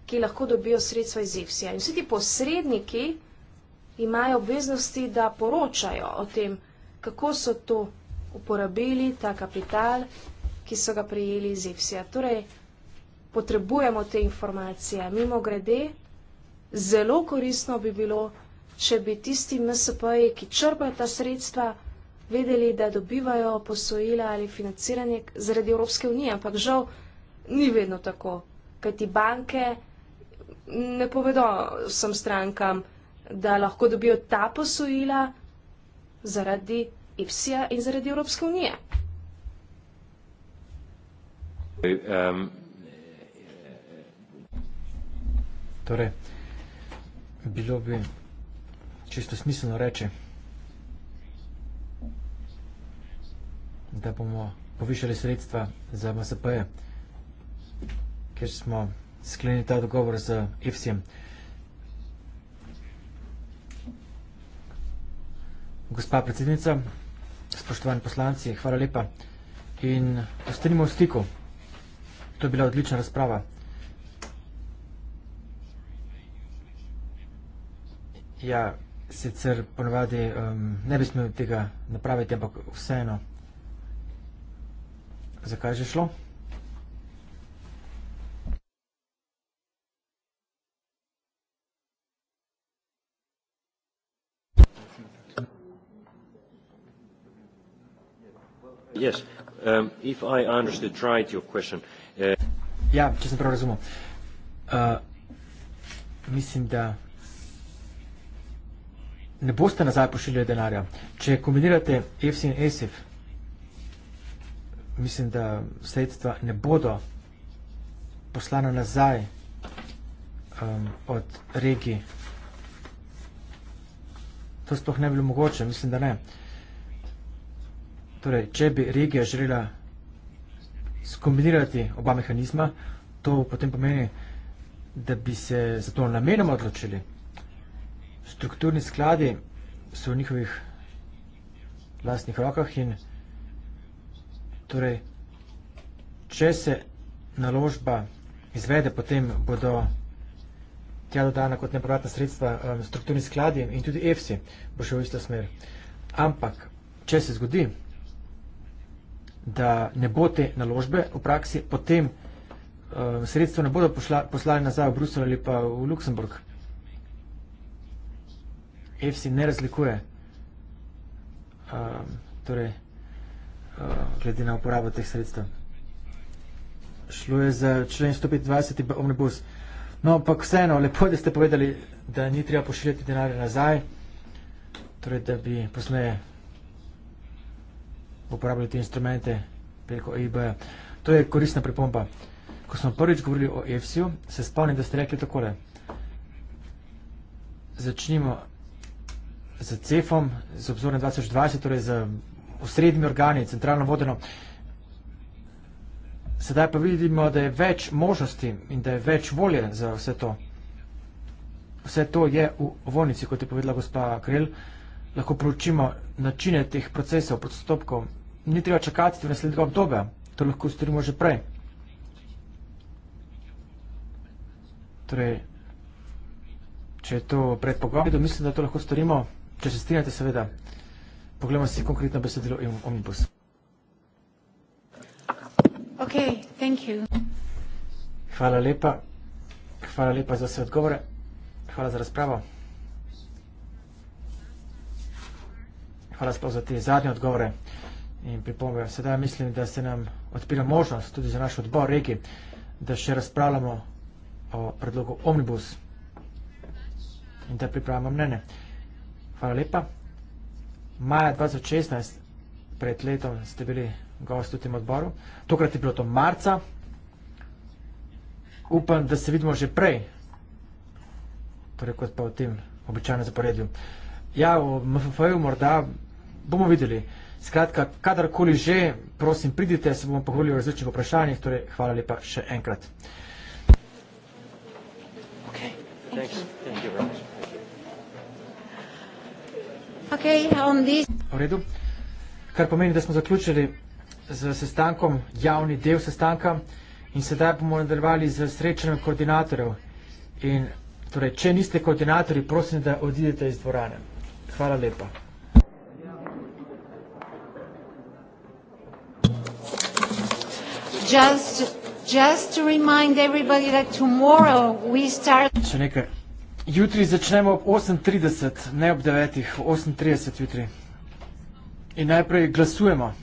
ki lahko dobijo sredstva iz EFSI-ja. In vsi ti posredniki imajo obveznosti, da poročajo o tem, kako so to uporabili, ta kapital, ki so ga prejeli iz EFSI-ja. Torej, potrebujemo te informacije. Mimo grede, zelo koristno bi bilo, če bi tisti MSP-ji, ki črpajo ta sredstva, vedeli, da dobivajo posojila ali financiranje zaradi Evropske unije, ampak žal ni vedno tako, kajti banke ne povedo vsem strankam, da lahko dobijo ta posojila zaradi EFSI-ja in zaradi Evropske unije. Um, torej, bilo bi čisto smiselno reči, da bomo povišali sredstva za MSP-je, ker smo sklenili ta dogovor z EFSI-jem. Gospa predsednica, spoštovani poslanci, hvala lepa in ostanimo v stiku. To je bila odlična razprava. Ja, sicer ponovadi um, ne bi smel tega napraviti, ampak vseeno. Zakaj je že šlo? Yes, um, if I understood right your question, Ja, če sem prav razumel. Uh, mislim, da ne boste nazaj pošiljali denarja. Če kombinirate EFS in ESIF, mislim, da sredstva ne bodo poslana nazaj um, od regij. To sploh ne bi bilo mogoče, mislim, da ne. Torej, če bi regija želela skombinirati oba mehanizma, to potem pomeni, da bi se za to namenoma odločili. Strukturni skladi so v njihovih vlastnih rokah in torej, če se naložba izvede, potem bodo tja dodana kot nepovratna sredstva um, strukturni skladi in tudi EFSI bo šel v isto smer. Ampak, če se zgodi, da ne bo te naložbe v praksi, potem uh, eh, sredstvo ne bodo pošla, poslali nazaj v Brusel ali pa v Luksemburg. EFSI ne razlikuje uh, torej, uh, glede na uporabo teh sredstev. Šlo je za člen 125 omnibus. No, ampak vseeno, lepo, da ste povedali, da ni treba pošiljati denarja nazaj, torej, da bi posneje uporabljajo te instrumente preko eBay-a. To je koristna pripomba. Ko smo prvič govorili o EFSI-u, se spomnim, da ste rekli takole. Začnimo z CEF-om, z obzorne 2020, torej z osrednjimi organi, centralno vodeno. Sedaj pa vidimo, da je več možnosti in da je več volje za vse to. Vse to je v ovojnici, kot je povedala gospa Krelj lahko proučimo načine teh procesov, postopkov. Ni treba čakati v naslednjega obdobja, to lahko storimo že prej. Torej, če je to predpogoj, mislim, da to lahko storimo, če se strinjate, seveda. Poglejmo si konkretno besedilo in omnibus. Okay, thank you. Hvala lepa. Hvala lepa za vse odgovore. Hvala za razpravo. Hvala sploh za te zadnje odgovore in pripombe. Sedaj mislim, da se nam odpira možnost tudi za naš odbor regi, da še razpravljamo o predlogu Omnibus in da pripravimo mnene. Hvala lepa. Maja 2016, pred letom ste bili gost v tem odboru. Tokrat je bilo to marca. Upam, da se vidimo že prej, torej kot pa v tem običajnem zaporedju. Ja, v MFF-ju morda bomo videli. Skratka, kadarkoli že, prosim, pridite, se bomo pogovorili o različnih vprašanjih. Torej, hvala lepa še enkrat. Okay. V redu. Kar pomeni, da smo zaključili z sestankom, javni del sestanka in sedaj bomo nadaljevali z srečanjem koordinatorjev. In, torej, če niste koordinatorji, prosim, da odidete iz dvorane. Hvala lepa. just just to remind everybody that tomorrow we start Če nekaj. Jutri začnemo ob 8:30, ne ob 9:00, 8:30 jutri. In najprej glasujemo.